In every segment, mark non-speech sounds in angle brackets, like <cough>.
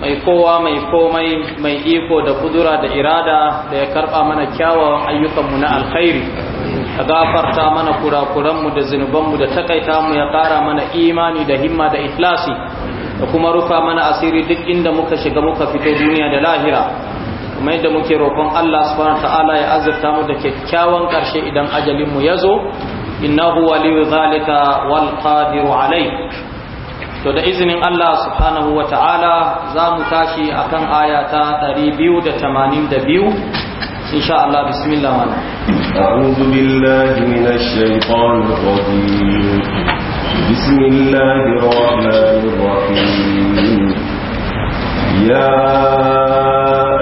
mai kowa mai komai mai iko da kudura da irada da ya karba mana kyawawan ayyukanmu na alkhairi ka gafarta mana kurakuranmu da zunubanmu da takaita mu ya kara mana imani da himma da ikhlasi da kuma rufa mana asiri duk inda muka shiga muka fito duniya da lahira kuma yadda muke roƙon Allah subhanahu ta'ala ya azurta mu da kyakkyawan ƙarshe idan ajalinmu ya zo innahu waliyu zalika wal qadiru alayhi to da izinin Allah subhanahu wa ta'ala za mu tashi a kan ayata 282 insha Allah bismillah mana أعوذ بالله من الشيطان الرجيم بسم الله الرحمن الرحيم يا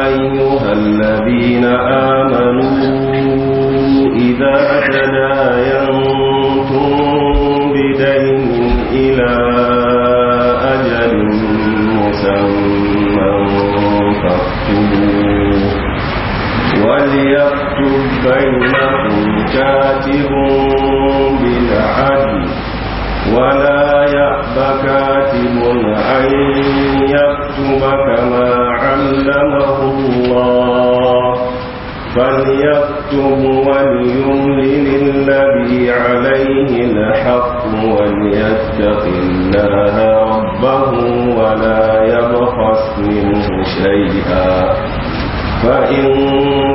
أيها الذين آمنوا إذا يكتب بينكم كاتب بالعدل ولا يأب كاتب أن يكتب كما علمه الله فليكتب وليملل الذي عليه الحق وليتق الله ربه ولا يبخس منه شيئا فإن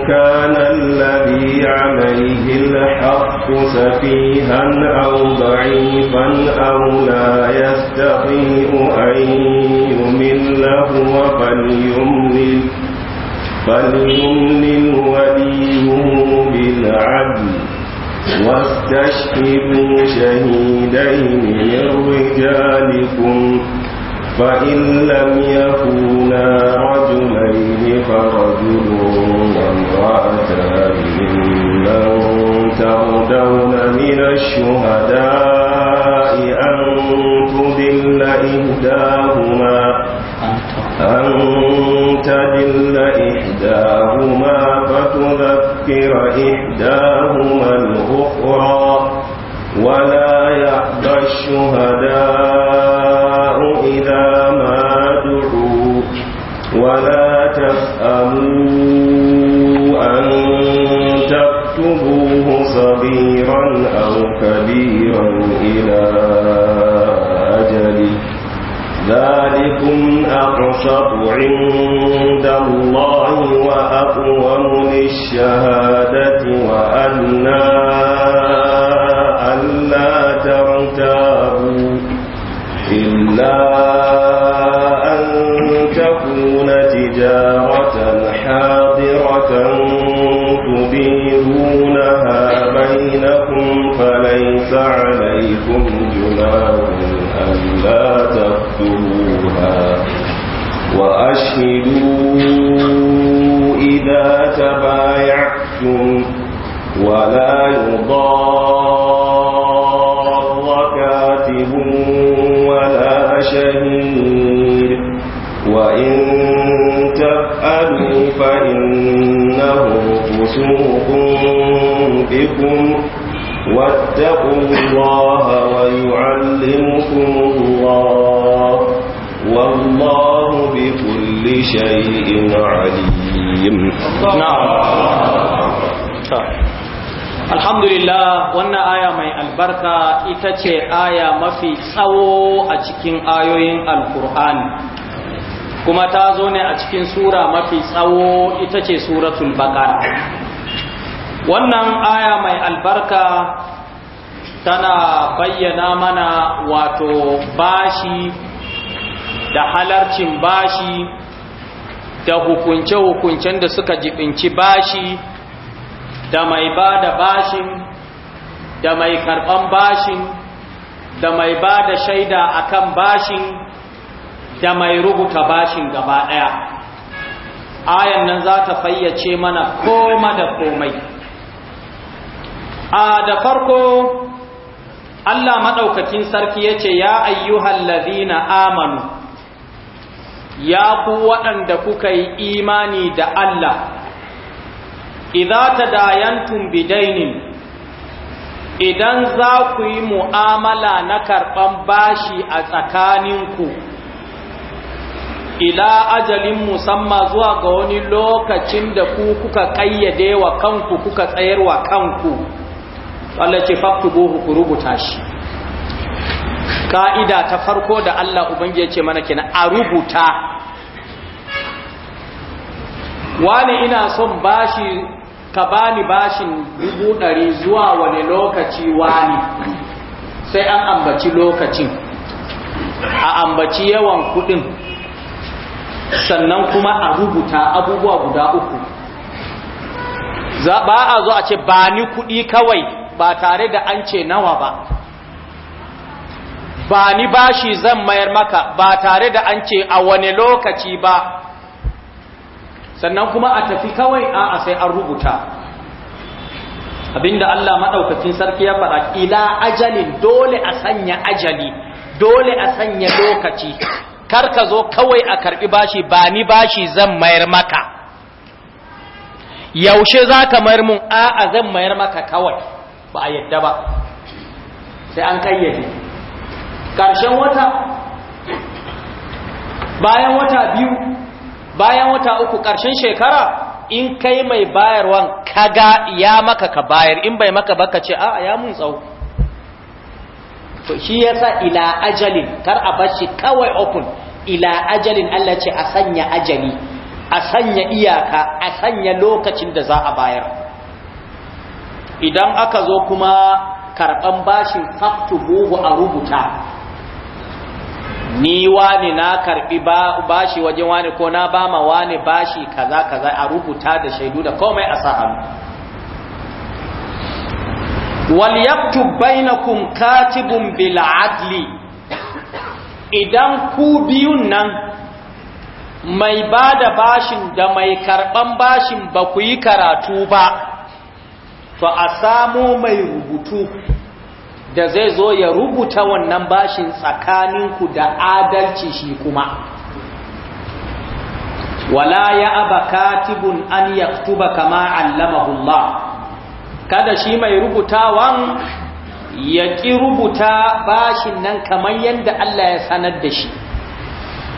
كان الذي عليه الحق سفيها أو ضعيفا أو لا يستطيع أن يمله فليملل فليملل وليه بالعدل واستشهدوا شهيدين من رجالكم فإن لم يكونا رجلين فرجل وامرأتان ممن تردون من الشهداء أن تدل إحداهما أن تدل إحداهما فتذكر إحداهما الأخرى ولا يأبى الشهداء صغيرا أو كبيرا إلى أجله ذلكم أقسط عند الله وأقوم للشهادة وأدنى عليكم جناح أن لا تقتلوها وأشهدوا إذا تبايعتم ولا يضار كاتب ولا شهيد وإن تفعلوا فإنه فسوق بكم واتقوا الله ويعلمكم الله والله بكل شيء عليم نعم Alhamdulillah wannan aya mai albarka ita ce aya mafi tsawo a cikin ayoyin Alkur'ani kuma ta zo ne a cikin sura mafi tsawo ita ce suratul Baqara wannan aya mai albarka tana bayyana mana wato bashi da halarcin bashi da hukunce-hukuncen da suka jibinci bashi da mai ba da bashin da mai karɓan bashin da mai ba da shaida akan bashin da mai rubuta bashin gaba ɗaya ayan nan za ta fayyace mana koma da komai a da farko Allah maɗaukakin sarki ya ce ya ayyuhan lazina amanu ya ku waɗanda kuka yi imani da Allah idza tadayantum bidainin idan za ku yi mu'amala na karɓan bashi a tsakaninku ila ajalin musamma zuwa ga wani lokacin da ku kuka ƙayyade wa kanku kuka tsayar wa kanku Allah ce faktubuhu ku rubuta shi ka'ida ta farko da Allah ubangi ya ce mana kenan a rubuta wani ina son bashi ka bani bashin dubu ɗari zuwa wani lokaci wani sai an ambaci lokacin a ambaci yawan kuɗin sannan kuma a rubuta abubuwa guda uku ba a zo a ce bani ni kuɗi kawai ba tare da an ce nawa ba ba ni bashi zan mayar maka ba tare da an ce a wane lokaci ba sannan kuma a tafi kawai a a sai an rubuta abinda Allah maɗaukacin sarki ya fara ila ajalin dole a sanya ajali dole a sanya lokaci kar ka zo kawai a karbi bashi ba ni bashi zan mayar maka yaushe za ka mayar mun a a zan mayar maka kawai ba a yadda ba sai an kayyade ƙarshen wata bayan wata biyu bayan wata uku ƙarshen shekara in kai mai bayarwan kaga ya maka ka bayar in bai maka baka ce a ya mun tsawo to shi yasa ila ajalin kar a bashi kawai open ila ajalin Allah ce a sanya ajali a sanya iyaka a sanya lokacin da za a bayar idan aka zo kuma karɓan bashin faktubuhu a rubuta ni wani na karɓi bashi wajen wani ko na bama wani bashi kaza kaza a rubuta da shaidu da komai a sa'an waliyaktub bainakum katibun bil adli idan ku biyun nan mai ba da bashin da mai karɓan bashin ba ku yi karatu ba to a samu mai rubutu da zai zo ya rubuta wannan bashin tsakaninku da adalci shi kuma wala ya aba katibun an kutuba kama allamahullah kada shi mai rubutawan ya ƙi rubuta bashin nan kamar yadda Allah ya sanar da shi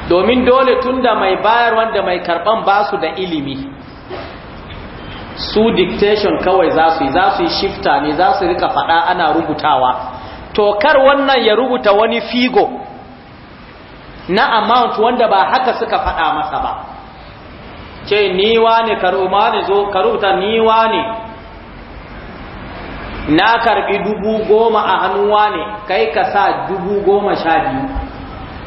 domin dole tunda mai bayar wanda mai karɓan basu da ilimi su dictation kawai za su yi za su yi shifta ne za su rika faɗa ana rubutawa to kar wannan ya rubuta wani figo na amount wanda ba haka suka faɗa masa ba ce niwa ne karuma ne zo karuta niwa ne na karbi dubu goma a hannuwa ne kai ka sa dubu goma sha biyu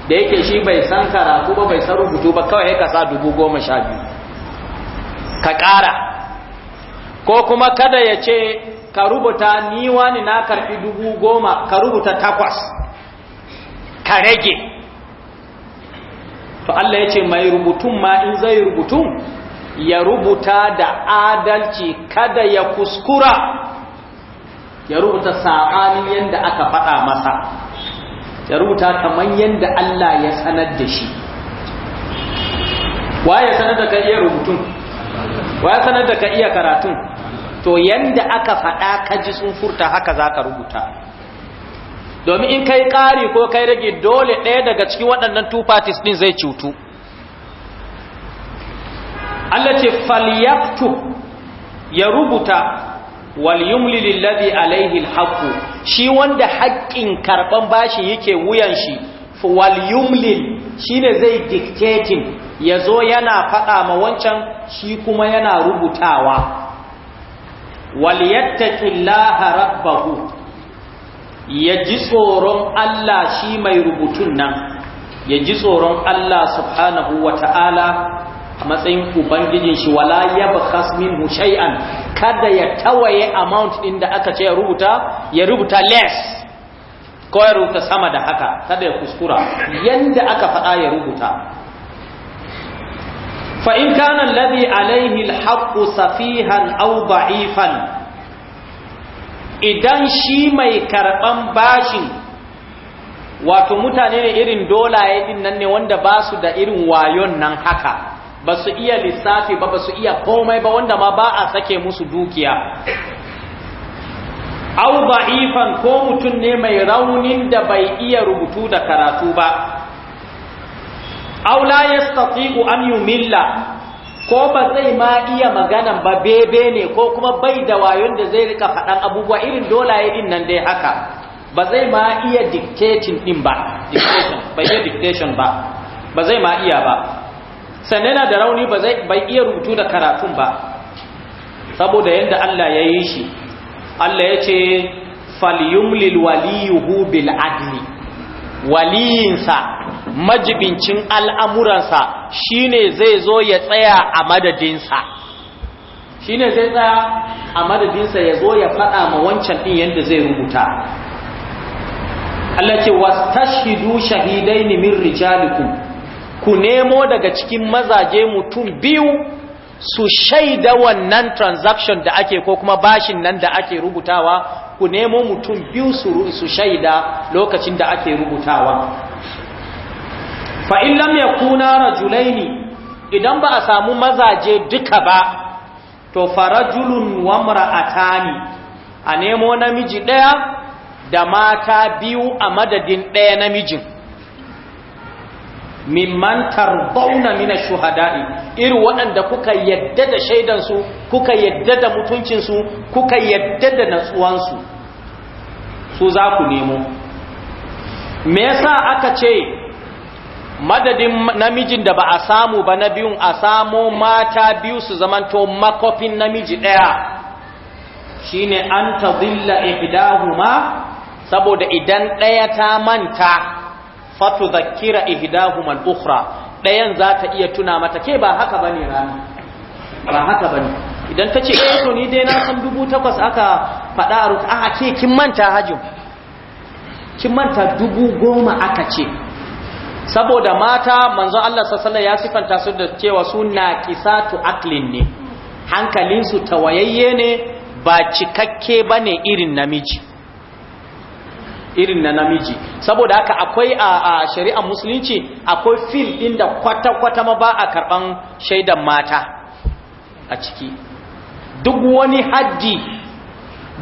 da yake shi bai san karatu ba bai san rubutu ba kawai ka sa dubu goma sha biyu ka ƙara ko kuma kada ya ce ka rubuta ni wani na karfi dubu goma ka rubuta takwas ka rage to Allah ya ce mai rubutun ma in zai rubutun ya rubuta da adalci kada ya kuskura ya rubuta sa'anin yadda aka faɗa masa ya rubuta kamar yadda Allah ya sanar da shi wa sanar da ka iya rubutun wa sanar da ka iya karatun to yanda aka faɗa ka ji sun furta haka za ka rubuta domin in kai ƙari ko kai rage dole ɗaya daga cikin waɗannan two parties ɗin zai cutu Allah ce falyaktu ya rubuta walyumli lillazi alaihi alhaqu shi wanda haƙƙin karban bashi yake wuyan shi walyumli shine zai dictating yazo yana faɗa ma wancan shi kuma yana rubutawa waliyattaqillaha rabbahu ya ji tsoron Allah shi mai rubutun nan ya ji tsoron Allah subhanahu wata'ala a matsayin ubangijin shi wala yabkhas minhu shay'an kada ya tawaye amount din da aka ce ya rubuta ya rubuta less ko ya rubuta sama da haka kada ya kuskura yanda aka faɗa ya rubuta fa in kana alladhi alaihi alhaqqu safihan aw idan shi mai karɓan bashin wato mutane ne irin dolaye din nan ne wanda ba su da irin wayon nan haka ba su iya lissafi ba ba su iya komai ba wanda ma ba a sake musu dukiya au ba'ifan ko mutum ne mai raunin da bai iya rubutu da karatu ba aw la yastati'u an yumilla ko ba zai ma iya magana ba bebe ne ko kuma bai da wayon da zai rika faɗan abubuwa irin dolaye din nan dai haka ba zai ma iya dictating din ba dictation ba iya dictation ba ba zai ma iya ba sannan yana da rauni ba zai bai iya rubutu da karatun ba saboda yadda Allah ya yi shi Allah ya ce falyumlil waliyuhu bil adli waliyinsa majibincin al'amuransa shine zai zo ya tsaya a madadinsa shine zai tsaya a madadinsa ya zo ya faɗa ma wancan ɗin yadda zai rubuta Allah ce shahidai shahidaini min Rijaliku ku nemo daga cikin mazaje mutum biyu su shaida wannan transaction da ake ko kuma bashin nan da ake rubutawa ku nemo mutum biyu su shaida lokacin da ake rubutawa fa in lam yakuna rajulaini idan ba a samu mazaje duka ba to farajulun wa mar'atani a nemo namiji ɗaya da mata biyu a madadin ɗaya namijin mimman tarbauna mina shuhada'i irin waɗanda kuka yadda da shaidansu kuka yadda da mutuncinsu kuka yadda da natsuwansu su za ku nemo me yasa aka ce madadin namijin da ba a samu ba na biyun a samo mata biyu su zamanto makofin namiji ɗaya shi ne an ta zilla ibidahu ihdahuma saboda idan ɗaya ta manta fatu zakira ihdahuma al-ukhra dayan za ta iya tuna mata ke ba haka bane rana ba haka bane idan tace eh to ni dai na san 8000 aka fada a ruka a ke kin manta hajin kin manta 10000 aka ce saboda mata manzon Allah sallallahu ya sifanta su da cewa sunna kisatu aqlin ne hankalinsu tawayayye ne ba cikakke bane irin namiji irin na namiji saboda haka akwai a, shari'ar musulunci akwai fil ɗin da kwata-kwata ma ba a karban shaidan mata a ciki duk wani haddi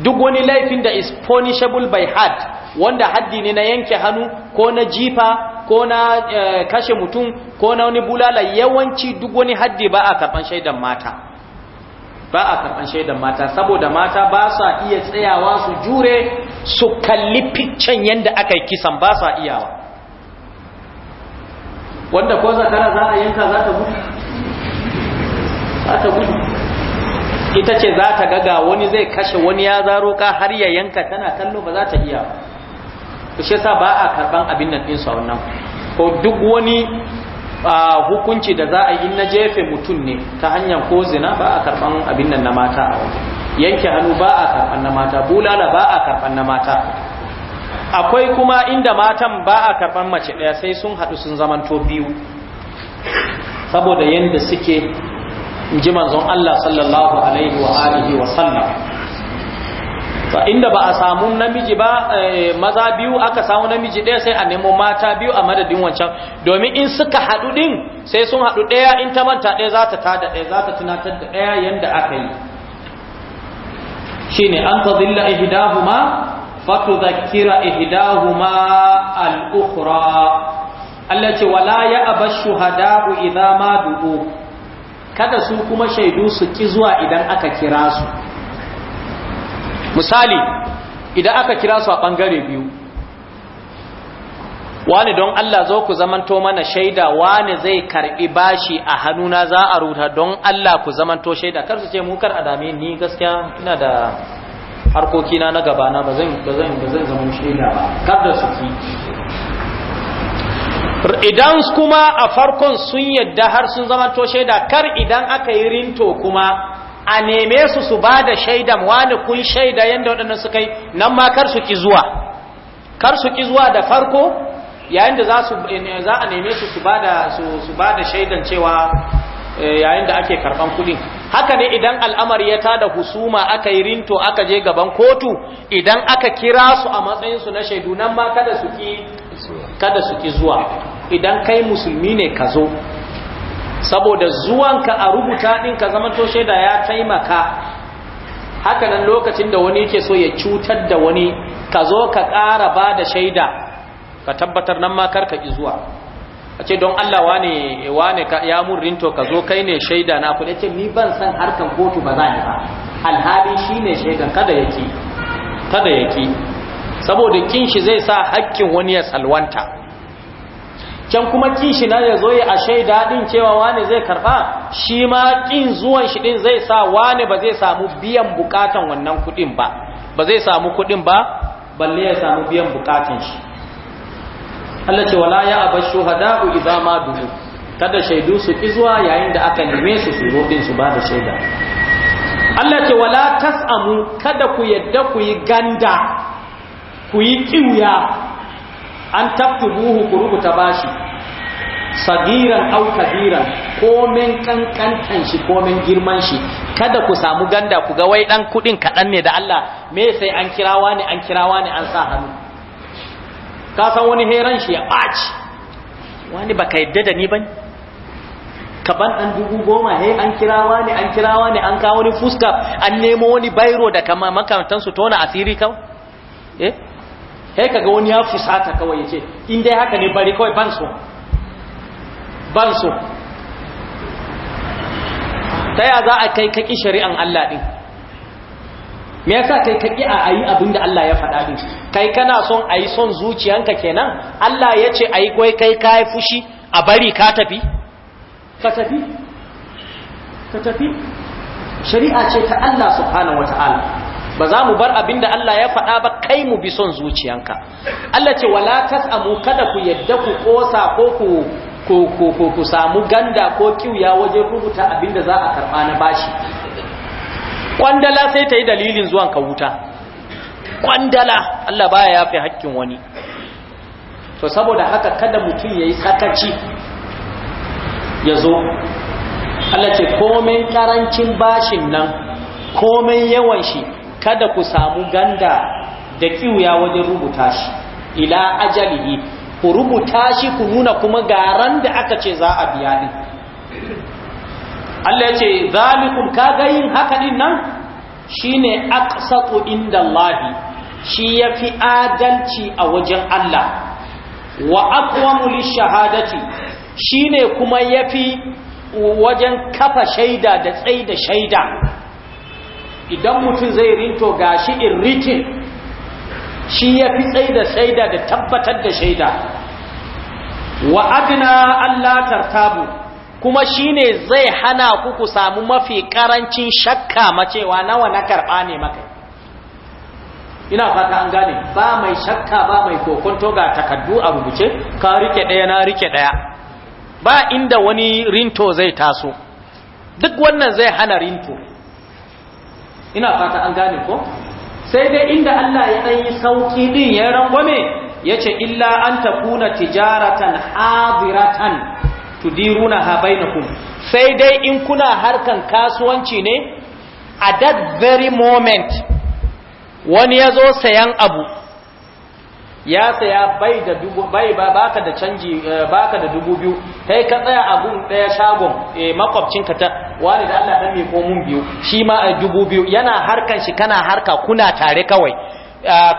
duk wani laifin da is punishable by had wanda haddi ne na yanke hannu ko na jifa ko na eh, kashe mutum ko na wani bulala yawanci duk wani haddi ba a karban shaidan mata ba a karɓan shaidan mata saboda mata ba sa iya tsayawa su jure su kalli ficcen yadda aka yi kisan ba sa iyawa wanda ko zakara za a yanka za ta gudu za ta gudu ita ce za ta gaga wani zai kashe wani ya zaro ka har ya yanka tana kallo ba za ta iya ba shi yasa ba a karɓan abin nan ɗinsu a wannan ko duk wani hukunci da za a yi na jefe mutum ne ta hanyar ko zina ba a karɓan abin nan na mata a wajen yanke hannu ba a karɓan na mata bulala ba a karɓan na mata akwai kuma inda matan ba a karɓan mace ɗaya sai sun haɗu sun to biyu saboda yadda suke jiman ji Allah sallallahu alaihi wa alihi wa sallam fa inda ba a samu namiji ba eh, maza biyu aka samu namiji ɗaya sai a nemo mata biyu a madadin wancan domin in suka haɗu ɗin sai sun haɗu ɗaya in ta manta ɗaya za ta tada ɗaya za ta tunatar da ɗaya yadda aka yi shine an ta zilla fa fatu ihdahuma al al'ukura Allah ce wala ya aba shuhada'u idza ma du'u kada su kuma shaidu su ki zuwa idan aka kira su misali idan aka kira su a ɓangare biyu wani don Allah zo ku zamanto mana shaida wani zai karbi bashi a hannuna za a ruta, don Allah ku zamanto shaida kar su ce mu kar adame ni gaskiya ina da harkokina na gabana ba zan ba zan zama shaida ba kar da su ci. idan kuma a farkon sun yadda har sun zamanto shaida kar idan aka yi rinto kuma a neme su su ba da shaidan wani kun shaida yadda waɗannan suka yi nan ma kar su ki zuwa kar su ki zuwa da farko yayin da za a neme su su ba da shaidan cewa eh, yayin da ake karban kuɗin. haka ne idan al'amar ya da husuma aka yi rinto aka je gaban kotu idan aka kira su a matsayinsu na shaidu nan ma kada su ki zuwa idan kai musulmi ne ka zo saboda zuwanka a rubuta ɗin ka zama to shaida ya taimaka haka nan lokacin da wani yake so ya cutar da wani ka zo ka ƙara ba da shaida ka tabbatar nan ma ka ki zuwa a ce don Allah wane wane ya murrinto ka zo kai ne shaida na kuɗe ce ni ban san harkan kotu ba za ba alhali shi ne shaidan kada yake kada yake saboda kin shi zai sa hakkin wani ya salwanta can kuma kishi na ya zo ya ashe daɗin cewa wani zai karɓa shi ma kin zuwan shi ɗin zai sa wani ba zai samu biyan bukatan wannan kuɗin ba ba zai samu kuɗin ba balle ya samu biyan bukatan shi Allah ce wala ya aba shuhada'u idza ma duhu kada shaidu su ki zuwa yayin da aka neme su su roƙin su ba da shaida Allah ce wala tasamu kada ku yadda ku yi ganda ku yi kiuya an buhu ku rubuta bashi sagiran au kabiran komen kankantan shi komen girman shi kada ku samu ganda ku ga wai dan kudin kadan ne da Allah me sai an kirawa ne an kirawa ne an sa hannu ka san wani heran shi ya baci wani baka yadda da ni bane ka ban dan dubu goma he an kirawa ne an kirawa ne an kawo ni fuska an nemo wani bairo da kama makamantan su tona asiri kawai eh kai kaga wani ya fusata kawai yace in dai haka ne bari kawai ban so ban so ta za a kai kaki shari'an Allah din me yasa kai kaki a ayi abinda Allah ya faɗa din kai kana son ayi son zuciyanka kenan Allah yace ayi kai kai kai fushi a bari ka tafi ka tafi ka tafi shari'a ce ta Allah subhanahu wataala ba za mu bar abin da Allah ya faɗa ba kai mu bi son zuciyanka Allah ce wala tas'amu kada ku yadda ku kosa ko ku ko ku samu ganda ko kiuya waje rubuta abin da za a karɓa na bashi kwandala sai ta yi dalilin zuwan ka wuta kwandala Allah baya yafi haƙƙin wani to saboda haka kada mutum yayi yi sakaci ya zo Allah ce komai karancin bashin nan komai yawan shi kada ku samu ganda da kiwuya wajen rubuta shi ila ajalihi ku rubuta shi ku nuna kuma garan da aka ce za a biya din Allah ya ce zalikum kaga yin haka din nan shine aqsatu indallahi shi ya fi adalci a wajen Allah wa aqwamu shi ne kuma ya fi wajen kafa shaida da tsaida shaida idan mutum zai rinto ga shi in ritin, shi ya fi tsaida shaida da tabbatar da shaida wa adina Allah tartabu kuma ne zai hana kuku samu mafi karancin shakka macewa nawa na karɓa ne maka ina fata an gane ba mai shakka ba mai kokonto ga takaddu a rubuce ka rike ɗaya na rike ɗaya. ba inda wani rinto zai taso duk wannan zai hana rinto ina fata an gane ko sai dai inda Allah ya ɗan yi sauƙi ɗin ya rangwame ya ce illa an ta kuna tijaratan hadiratan tudiruna ha bainakum sai dai in kuna harkan kasuwanci ne a that very moment wani ya zo sayan abu ya saya bai da dubu bai baka da canji eh, baka da dubu biyu kai ka tsaya abun ɗaya shagon eh, makwabcinka ta wani da Allah dan me ko mun biyu shi ma a dubu biyu yana harkan shi kana harka kuna tare kawai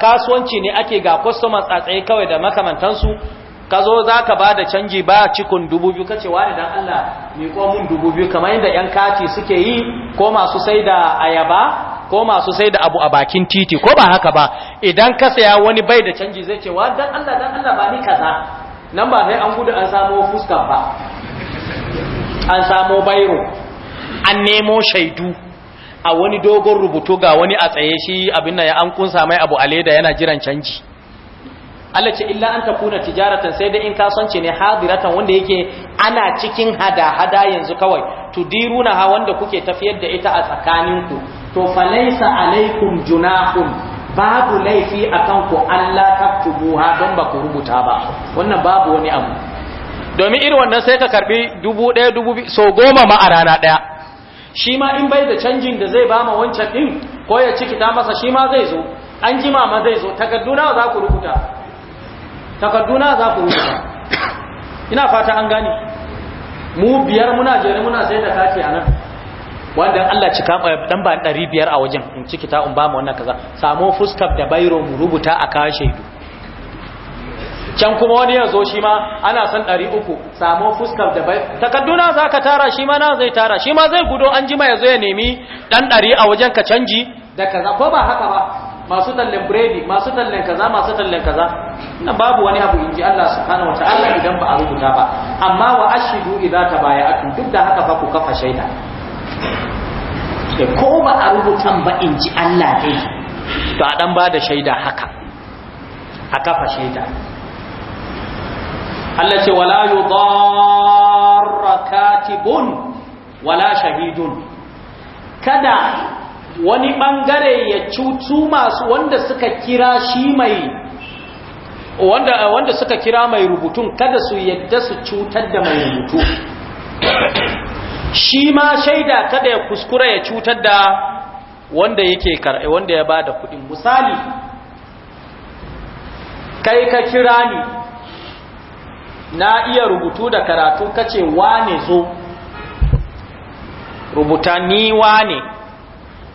kasuwanci ne ake ga customers a tsaye kawai da makamantansu ka zo za ka ba da canji ba cikin dubu biyu kace wani dan Allah me ko mun dubu biyu kamar yadda yan kati suke yi ko masu sai da ayaba ko masu sai da abu a bakin titi ko ba haka ba idan ka saya wani bai da canji zai ce wani dan Allah dan Allah ba ni kaza nan ba sai an gudu an samo fuska ba an samo bairo an nemo shaidu a wani dogon rubutu ga wani a tsaye shi abin nan ya an kunsa mai abu aleda yana jiran canji Allah ce illa an takuna tijaratan sai da in kasance ne hadiratan wanda yake ana cikin hada-hada yanzu kawai tudiruna ha wanda kuke tafiyar da ita a tsakaninku to laysa alaikum junahun babu laifi akan ku Allah taktubuha don ba ku rubuta ba wannan babu wani abu domin irin wannan sai ka karbi dubu ɗaya dubu so goma ma a rana ɗaya shi ma in bai da canjin da zai ba ma wancan ɗin ko ya ta masa shi ma zai zo an jima ma zai zo takarduna za ku rubuta takarduna za ku rubuta ina fata an gane mu biyar muna jere muna sai da kati a nan wanda Allah cika dan ba 500 a wajen in kita in ba mu wannan kaza samo fuskar da bairo mu rubuta a kashe shaidu can kuma wani ya zo shi ma ana son ɗari uku samu fuskar da bai takadduna za ka tara shi ma na zai tara shi ma zai gudo an jima ya zo ya nemi ɗan ɗari a wajen ka canji da kaza ko ba haka ba masu tallin biredi masu tallin kaza masu tallin kaza na babu wani abu in ji Allah subhanahu wataala idan ba a rubuta ba amma wa ashidu idza tabaya'atum duk da haka fa ku kafa shaida eh, ko ba a rubuta ba in ji Allah dai to a dan ba da shaida haka a kafa shaida Allah ce wala yudarra katibun wala shahidun kada wani bangare ya cutu masu wanda suka kira shi mai wanda wanda suka kira mai rubutun kada su yadda su cutar da mai rubutu shi ma shaida kada ya kuskura ya cutar da wanda yake wanda ya bada kuɗin misali kai ka kira ni na iya rubutu da karatu kace wane zo rubuta ni wane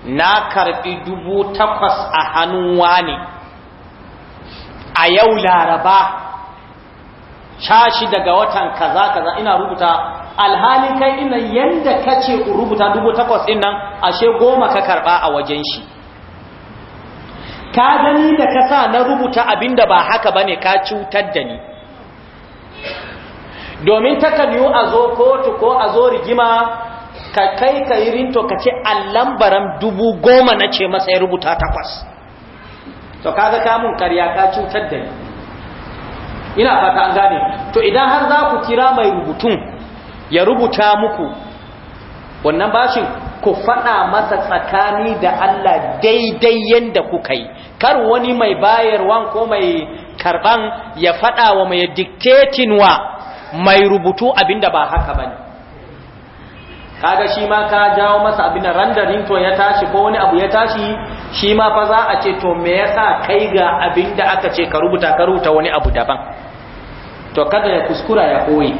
na karbi dubu takwas a hannun wane a yau laraba shashi daga watan kaza kaza ina rubuta alhali kai ina yanda kace rubuta dubu takwas din nan ashe goma ka karba a wajen shi ka gani da kasa na rubuta abinda ba haka bane ka cutar da ni domin takan yi a zo kotu ko a zo rigima ka kai ka yi rinto ka ce allan baram dubu goma na ce masa ya rubuta takwas to kaga kamun karya ka cutar da ni ina fata an gane to idan har za ku kira mai rubutun ya rubuta muku wannan bashin ku faɗa masa tsakani da Allah daidai yadda kuka yi kar wani mai bayarwan ko mai karɓan ya faɗa wa mai diktetin wa mai rubutu abinda ba haka bane kaga shi ma ka jawo masa abin rendering to ya tashi ko wani abu ya tashi shi ma fa za a ce to me yasa kai ga abinda aka ce ka rubuta ka rubuta wani abu daban to kada ya kuskura ya koyi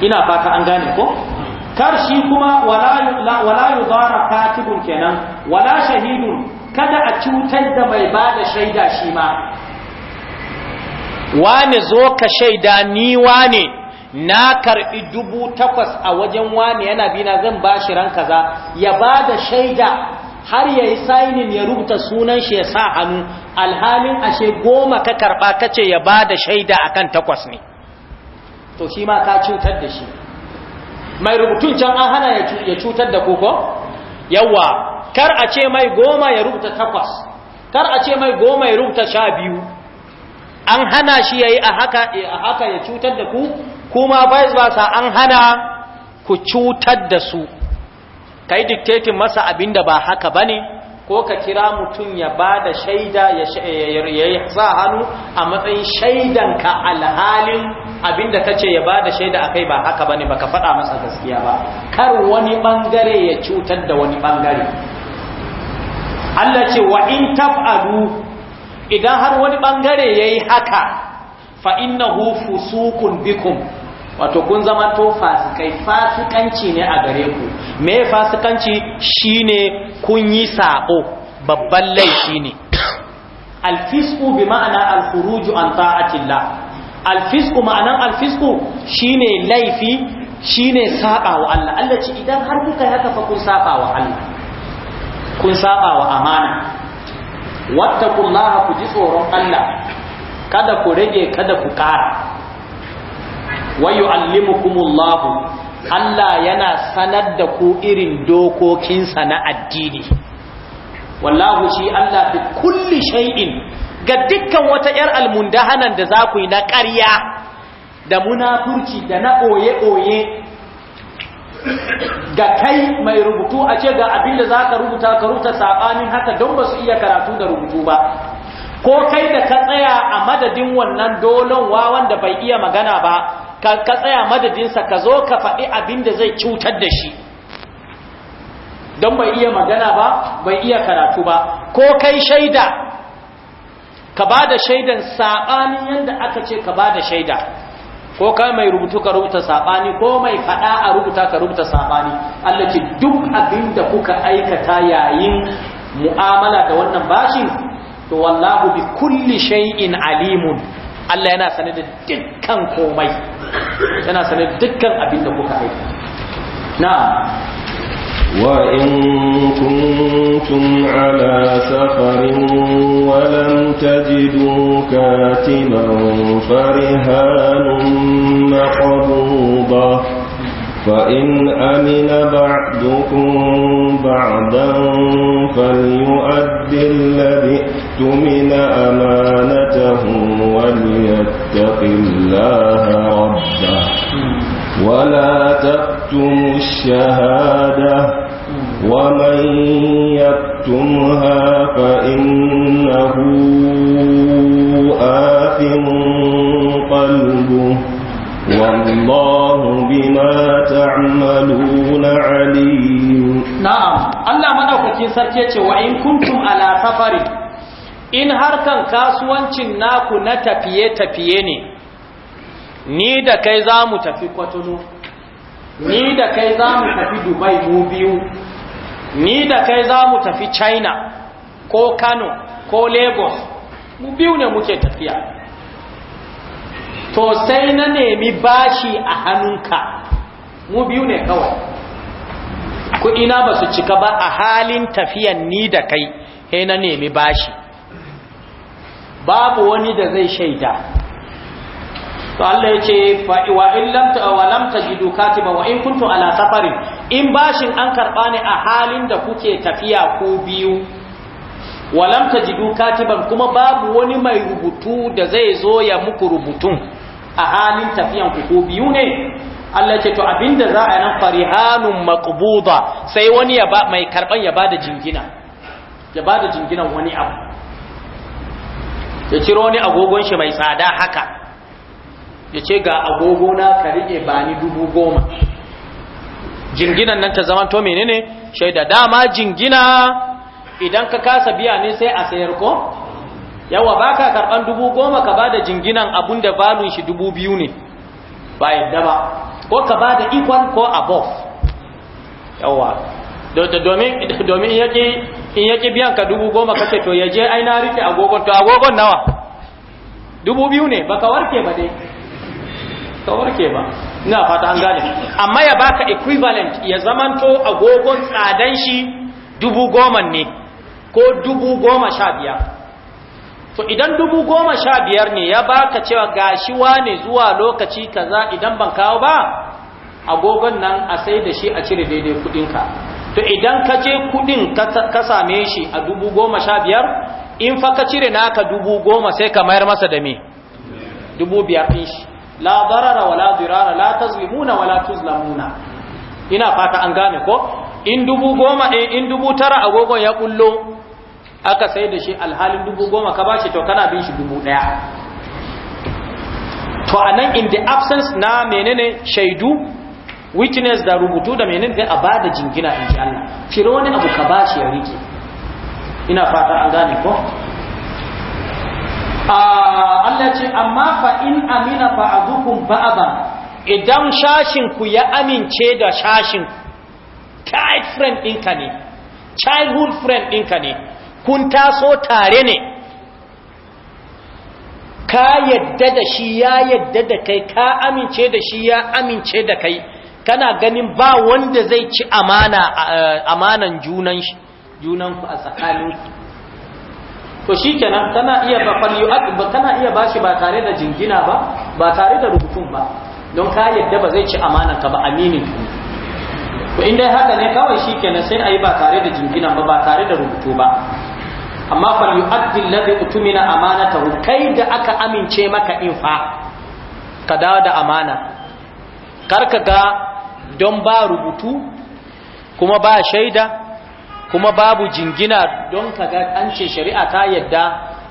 ina fata an gane ko kar shi kuma wala yudara katibun kenan wala shahidun kada a cutar da mai bada shaida shi ma wane zo ka shaida ni wane na karbi dubu takwas a wajen wane yana bina zan ba shi ran kaza ya ba da shaida har ya yi sainin ya rubuta sunan shi ya sa hannu alhalin ashe goma ka karba ka ce ya ba da shaida akan takwas ne to shi ma ka cutar da shi mai rubutun can an hana ya cutar da koko yawa kar a ce mai goma ya rubuta takwas kar a ce mai goma ya rubuta sha biyu an hana shi yayi a haka eh, a haka ya cutar da ku kuma bai ba sa an hana ku cutar da su Ka yi diktetin masa abin da ba haka ba ne. ko ka kira mutum ya ba da shaida ya sa hannu a matsayin shaidanka alhalin abin da abinda ce ya ba da shaida a kai ba haka ba ne ba ka faɗa masa gaskiya ba kar wani bangare ya cutar da wani bangare Allah ce wa in taf'alu idan har wani bangare yayi haka fa innahu fusukun bikum wato kun zama to fasikai fasikanci ne a gare ku me fasikanci shine kun yi saƙo? babban laifi ne alfisku bi ma'ana alfuruju an ta'atillah alfisku ma'anan alfisku shine laifi shine saba wa Allah Allah ce idan har kuka haka fa kun saba wa Allah kun wa amana wattaqullaha ku ji tsoron Allah kada ku rage kada ku ƙara wa yu'allimukumullahu Allah yana sanar da ku irin dokokinsa na addini wallahu shi Allah fi kulli shay'in ga dukkan wata yar almundahanan da za ku yi na ƙarya da munafurci da na oye-oye ga kai mai rubutu a ce ga abin da za ka rubuta ka rubuta saɓanin haka don ba su iya karatu da rubutu ba ko kai da ka tsaya a madadin wannan dolon wa wanda bai iya magana ba ka tsaya madadinsa ka zo ka faɗi abin da zai cutar da shi don bai iya magana ba bai iya karatu ba ko kai shaida ka ba da shaidan saɓanin yadda aka ce ka ba da shaida ko ka mai rubutu ka rubuta sabani ko mai faɗa a rubuta ka rubuta sabani Allah ce duk abin da kuka aikata yayin mu'amala da wannan bashin to wallahu bi kulli shay'in alimun Allah yana sane da dukkan komai yana sane da dukkan abin da kuka aikata na'am وإن كنتم على سفر ولم تجدوا كاتبا فرهان مقبوضة فإن أمن بعدكم بعدا فليؤد الذي من أمانته وليتق الله ربه ولا تقل يكتم الشهادة ومن يكتمها فإنه آثم قلبه والله بما تعملون عليم نعم الله ما كي سركيتي وإن كنتم على سفر إن harkan kasuwancin naku na tafiye-tafiye ne ni da kai za mu tafi kwatano ni da kai za mu tafi dubai mu biyu ni da kai za mu tafi china ko kano ko lagos mu biyu ne muke tafiya to sai na nemi bashi a hannunka mu biyu ne kawai kuɗina ba su cika ba a halin tafiyan ni da kai he na nemi bashi babu wani da zai shaida to Allah ya ce wa in lam ta wa lam tajidu katiba wa in kuntu ala safarin in bashin an karba ne a halin da kuke tafiya ku biyu wa lam tajidu katiban kuma babu wani mai rubutu da zai zo ya muku rubutun a halin tafiyan ku biyu ne Allah ya ce to abinda za a nan farihanun maqbuda sai wani ya ba mai karban ya bada jingina ya bada jinginan wani abu ya ciro wani agogon shi mai tsada haka ya ce ga agogona ka riƙe ba ni dubu goma jinginan nan ta to menene shaida dama jingina idan ka kasa biya ne sai a sayar ko yawa ba ka karɓan dubu goma ka ba da jinginan abun da balun shi dubu biyu ne ba yadda ba ko ka ba da ikon ko above yawa <laughs> domin in yake biyan ka dubu goma ce to ya je aina rike agogon to agogon nawa dubu biyu ne baka warke ba dai ka warke ba ina fata an gane amma ya baka equivalent ya zamanto agogon tsadan shi dubu goma ne ko dubu goma sha biyar to idan dubu goma sha biyar ne ya baka cewa gashi wane zuwa lokaci kaza idan ban kawo ba agogon nan a sai da shi a cire daidai kudinka to idan ka je kudin ka same shi a dubu goma sha biyar in fa ka cire naka dubu goma sai ka mayar masa da me dubu biyar ɗin shi la darara wala dirara la tazlimuna wala tuzlamuna ina fata an gane ko in dubu goma eh in dubu tara agogon ya kullo aka sai da shi alhalin dubu goma ka bashi to kana bin shi dubu ɗaya to a nan in the absence na menene shaidu witness da rubutu da menene da a bada jingina in ji Allah cire wani abu ka bashi ya rike ina fata an gane ko Ah, Allah ce amma fa in amina ba'dukum ba idan shashin ku ya amince da shashin child friend ɗinka ne childhood friend ɗinka ne kun taso tare ne ka yadda da shi ya yadda da kai ka amince da shi ya amince da kai kana ganin ba wanda zai ci amana ah, amanan junan junanku a tsakaninku to shikenan tana iya ba tana iya bashi ba tare da jingina ba ba tare da rubutun ba don ka yadda ba zai ci amanar ka ba aminin ku to in dai haka ne kawai shikenan sai yi ba tare da jingina ba ba tare da rubutu ba amma falyu'addi alladhi utumina amanatahu kai da aka amince maka in fa ka dawo da amana Kar ka ga don ba rubutu kuma ba shaida kuma babu jingina don ka ga an ce shari'a ta yadda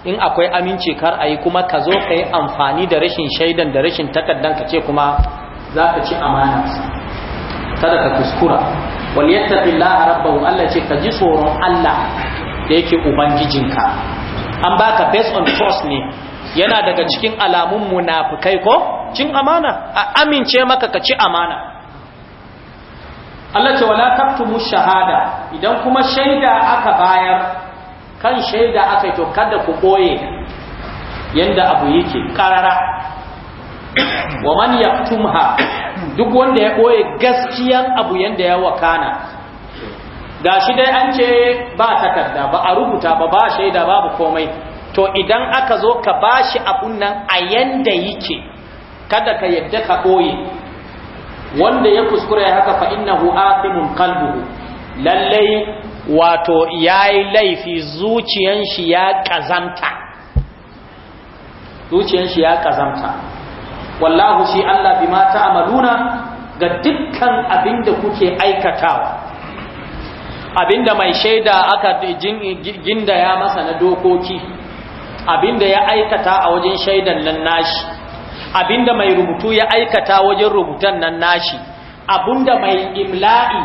in akwai aminci kar a yi kuma ka zo ka yi amfani da rashin shaidan da rashin takardan ka ce kuma za ka ci amana kada ka kuskura wal yattaqillaha rabbahu Allah ce ka ji tsoron Allah da yake ubangijinka an baka based on trust ne yana daga cikin alamun munafikai ko cin amana a amince maka ka ci amana Allah ce wala taktumu shahada idan kuma shaida aka bayar kan shaida aka to kada ku boye yanda abu yake karara wa man yaktumha duk wanda ya boye gaskiyan abu yanda ya wakana da dai an ce ba takarda ba a rubuta ba ba shaida babu komai to idan aka zo ka bashi abun nan a yanda yake kada ka yadda ka boye wanda ya kuskura ya haka fa innahu athimun qalbuhu lallai wato yayi laifi zuciyan shi ya kazanta zuciyan shi ya kazanta wallahu shi Allah bi ma ta'maluna ga dukkan abin da kuke aikatawa abinda mai shaida aka ginda ya masa na dokoki abinda ya aikata a wajen shaidan nan nashi abinda mai rubutu ya aikata wajen rubutan nan nashi abinda mai imla'i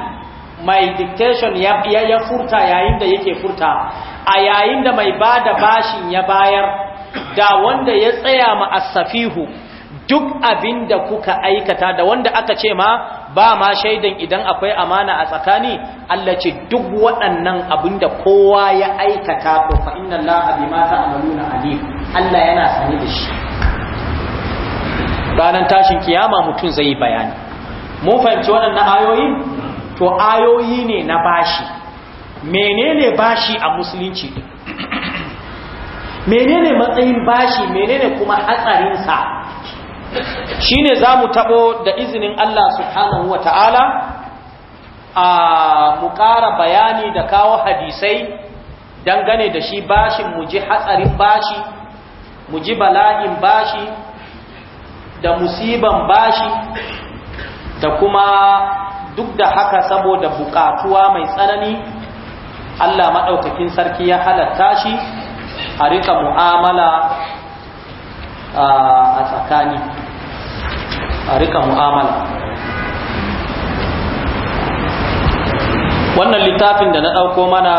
mai dictation ya, ya, ya furta yayin da yake furta a yayin da mai bada bashin ya bayar da wanda ya tsaya ma asafihu duk abinda kuka aikata da wanda aka ce ma ba ma shaidan idan akwai amana a tsakani Allah ce duk waɗannan abin da kowa ya aikata ko fa inna Allah bima ta'maluna alim Allah yana sani da shi ranar tashin kiyama mutum zai yi bayani mun fahimci na ayoyi to ayoyi ne na bashi menene bashi a musulunci menene matsayin bashi menene kuma hatsarin sa shine za mu da izinin Allah subhanahu wa a mu ƙara bayani da kawo hadisai dangane da shi bashin mu ji hatsarin bashi mu ji bala'in bashi da musiban bashi da kuma duk da haka saboda bukatuwa mai tsanani Allah maɗaukakin sarki ya halatta shi a rika mu'amala a tsakani a rika mu'amala wannan littafin da na ɗauko mana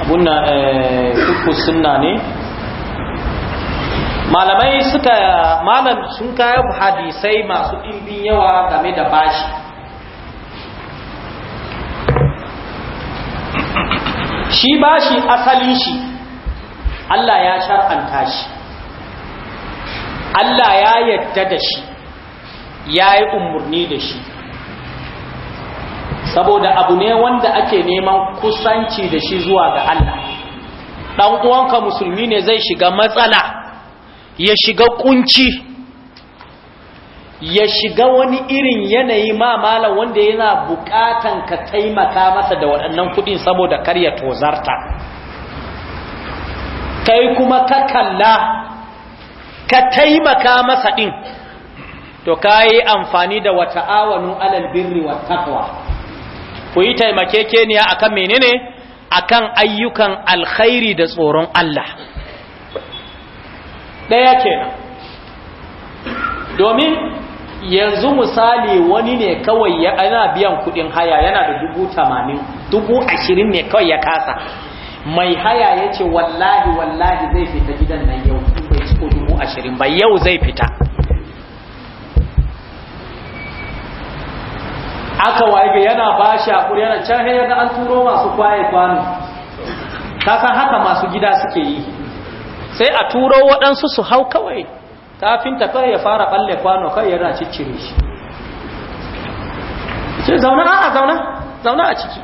abunna eh, sunna ne malamai suka malam sun kayo hadisai masu ɗimbin yawa game da bashi shi bashi asalin shi Allah ya shar'anta shi Allah ya yadda da shi ya yi umarni da shi saboda abu ne wanda ake neman kusanci da shi zuwa ga Allah ɗan uwanka musulmi ne zai shiga matsala ya shiga kunci ya shiga wani irin yanayi ma malam wanda yana bukatan ka taimaka masa da waɗannan kuɗin saboda karya ya tozarta kai kuma ka kalla ka taimaka masa ɗin to ka amfani da wata awanu alal birri wa takwa ku yi taimakekeniya akan menene akan ayyukan alkhairi da tsoron Allah ɗaya kenan domin yanzu misali wani ne kawai yana biyan kudin haya yana da dubu tamanin dubu ashirin ne kawai ya kasa mai haya ya ce wallahi wallahi zai fita gidan nan yau bai ciko dubu ashirin ba yau zai fita aka waye yana ba shi haƙuri yana can hanyar da an turo masu kwaye kwano ta san haka masu gida suke yi sai a turo waɗansu su hau kawai kafinta kawai ya fara ɓalle kwano kawai yana ciccire shi ce zauna a zauna zauna a ciki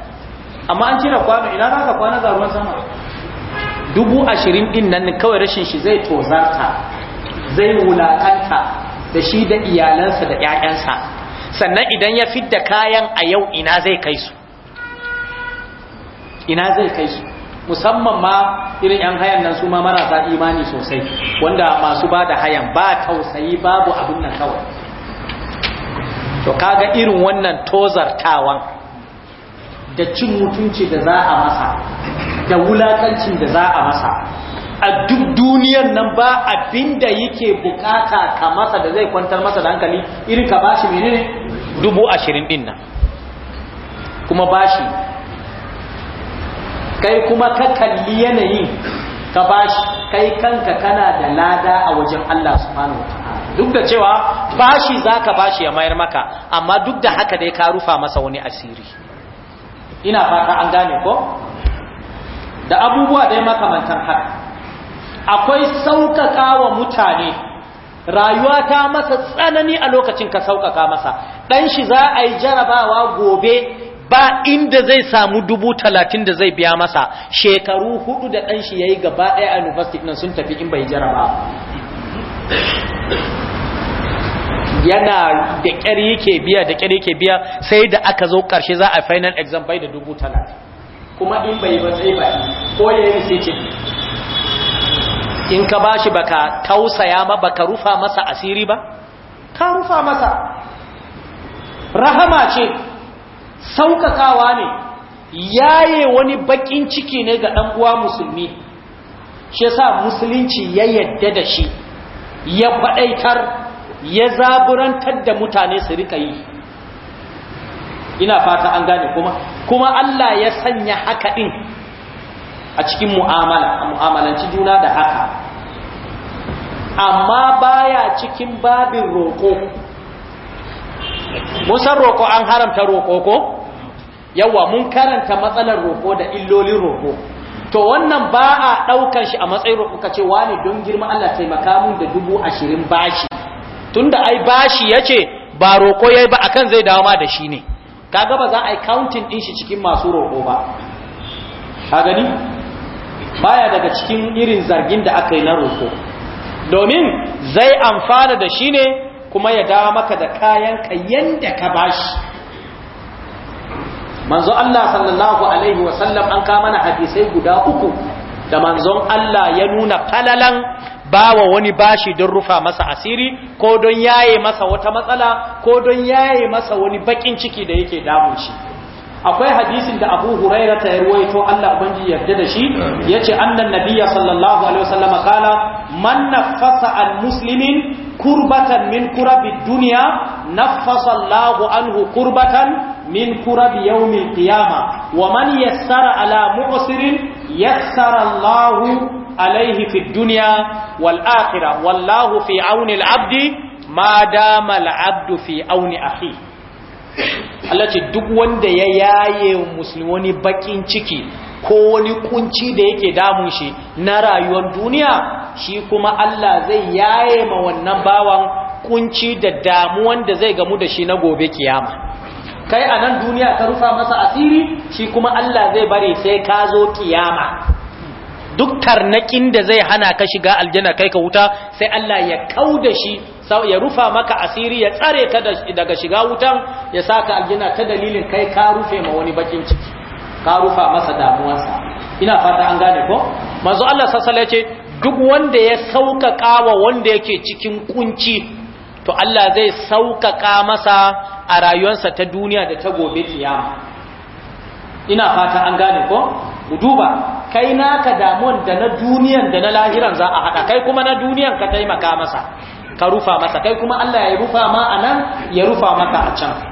amma an cire kwano ina za ka kwana ga ruwan sama dubu ashirin ɗin nan kawai rashin shi zai tozarta zai wulatanta da shi da iyalansa da 'ya'yansa sannan idan ya fidda kayan a yau ina zai kai su ina zai kai su musamman ma irin yan hayan nan su ma marasa imani sosai wanda masu ba da hayan ba tausayi babu abin nan kawai to kaga irin wannan tozartawan da cin mutunci da za a masa da wulakancin da za a masa a duk duniyar nan ba abinda yake bukata ka masa da zai kwantar masa da hankali irin ka bashi menene dubu ashirin din nan kuma bashi kai kuma ka kalli yanayin ka bashi kai kanka kana da lada a wajen Allah subhanahu ta'ala duk da cewa bashi zaka bashi ya mayar maka amma duk da haka dai ka rufa masa wani asiri ina fata an gane ko da abubuwa dai makamantan haka akwai sauƙaƙa wa mutane rayuwa ta masa tsanani a lokacin ka sauƙaƙa masa ɗan shi za a yi jarabawa gobe ba inda zai samu dubu talatin da zai biya masa shekaru hudu da ɗan shi ya yi gaba ɗaya a university nan sun tafi in bai jaraba yana da ƙyar yake biya da ƙyar yake biya sai da aka zo ƙarshe za a final exam bai da dubu talatin kuma in bai ba sai ba ko ya yi sai in ka bashi baka tausaya ma baka rufa masa asiri ba ka rufa masa rahama ce saukakawa ne yaye wani bakin ciki ne ga ɗan uwa musulmi shi yasa musulunci ya yadda da shi ya faɗaitar ya zaburantar da mutane su rika yi ina fata an gane kuma kuma Allah ya sanya haka din a cikin mu'amala a mu'amalanci juna da haka amma baya cikin babin roƙo mun san roƙo an haramta roƙo ko yawa mun karanta matsalar roƙo da illolin roƙo to wannan ba a ɗaukar shi a matsayin roƙo ka ce wani don girma Allah taimaka mun da dubu ashirin bashi tunda ai bashi ya ce ba roƙo ya yi ba akan zai dawo ma da shi ne kaga ba za a yi counting ɗin shi cikin masu roƙo ba ka gani baya daga cikin irin zargin da aka yi na roƙo domin zai amfana da shi ne kuma ya dawo maka da kayanka yadda ka bashi manzo Allah sallallahu alaihi wasallam an ka mana hadisai guda uku da manzon Allah ya nuna falalan bawa wani bashi don rufa masa asiri ko don yaye masa wata matsala ko don yaye masa wani bakin ciki da yake damun shi akwai hadisin da Abu Huraira ta ruwaito Allah ubangiji yarda da shi yace annan nabiyya sallallahu alaihi wasallam kala man nafasa al muslimin kurbatan min kurabi duniya naffasa Allahu anhu kurbatan min kurabi yawmil qiyama wa man yassara ala mu'sirin yassara Allahu alaihi fid dunya wal akhirah wallahu fi auni al abdi ma dama al abdu fi auni akhi Allah ce duk wanda ya yaye musulmani wani bakin ciki ko wani kunci da yake damun shi na rayuwar duniya shi kuma Allah zai yaye ma wannan bawan kunci da damuwan da zai gamu da shi na gobe kiyama kai a nan duniya ka rufa masa asiri shi kuma Allah zai bare sai ka zo kiyama duk tarnakin da zai hana ka shiga aljanna kai ka wuta sai Allah ya kau da shi ya rufa maka asiri ya tsare ka daga shiga wutan ya saka aljanna ta dalilin kai ka rufe ma wani bakin ciki ka rufa masa damuwarsa ina fata an gane ko manzo Allah ya ce duk wanda ya sauƙaƙa wa wanda yake cikin kunci to Allah zai sauƙaƙa masa a rayuwarsa ta duniya da ta gobe kiyama ina fata an gane ko duba kai naka damuwan da na duniyan da na lahiran za a haɗa kai kuma na duniyan ka taimaka masa ka rufa masa kai kuma Allah ya rufa ma anan ya rufa maka a can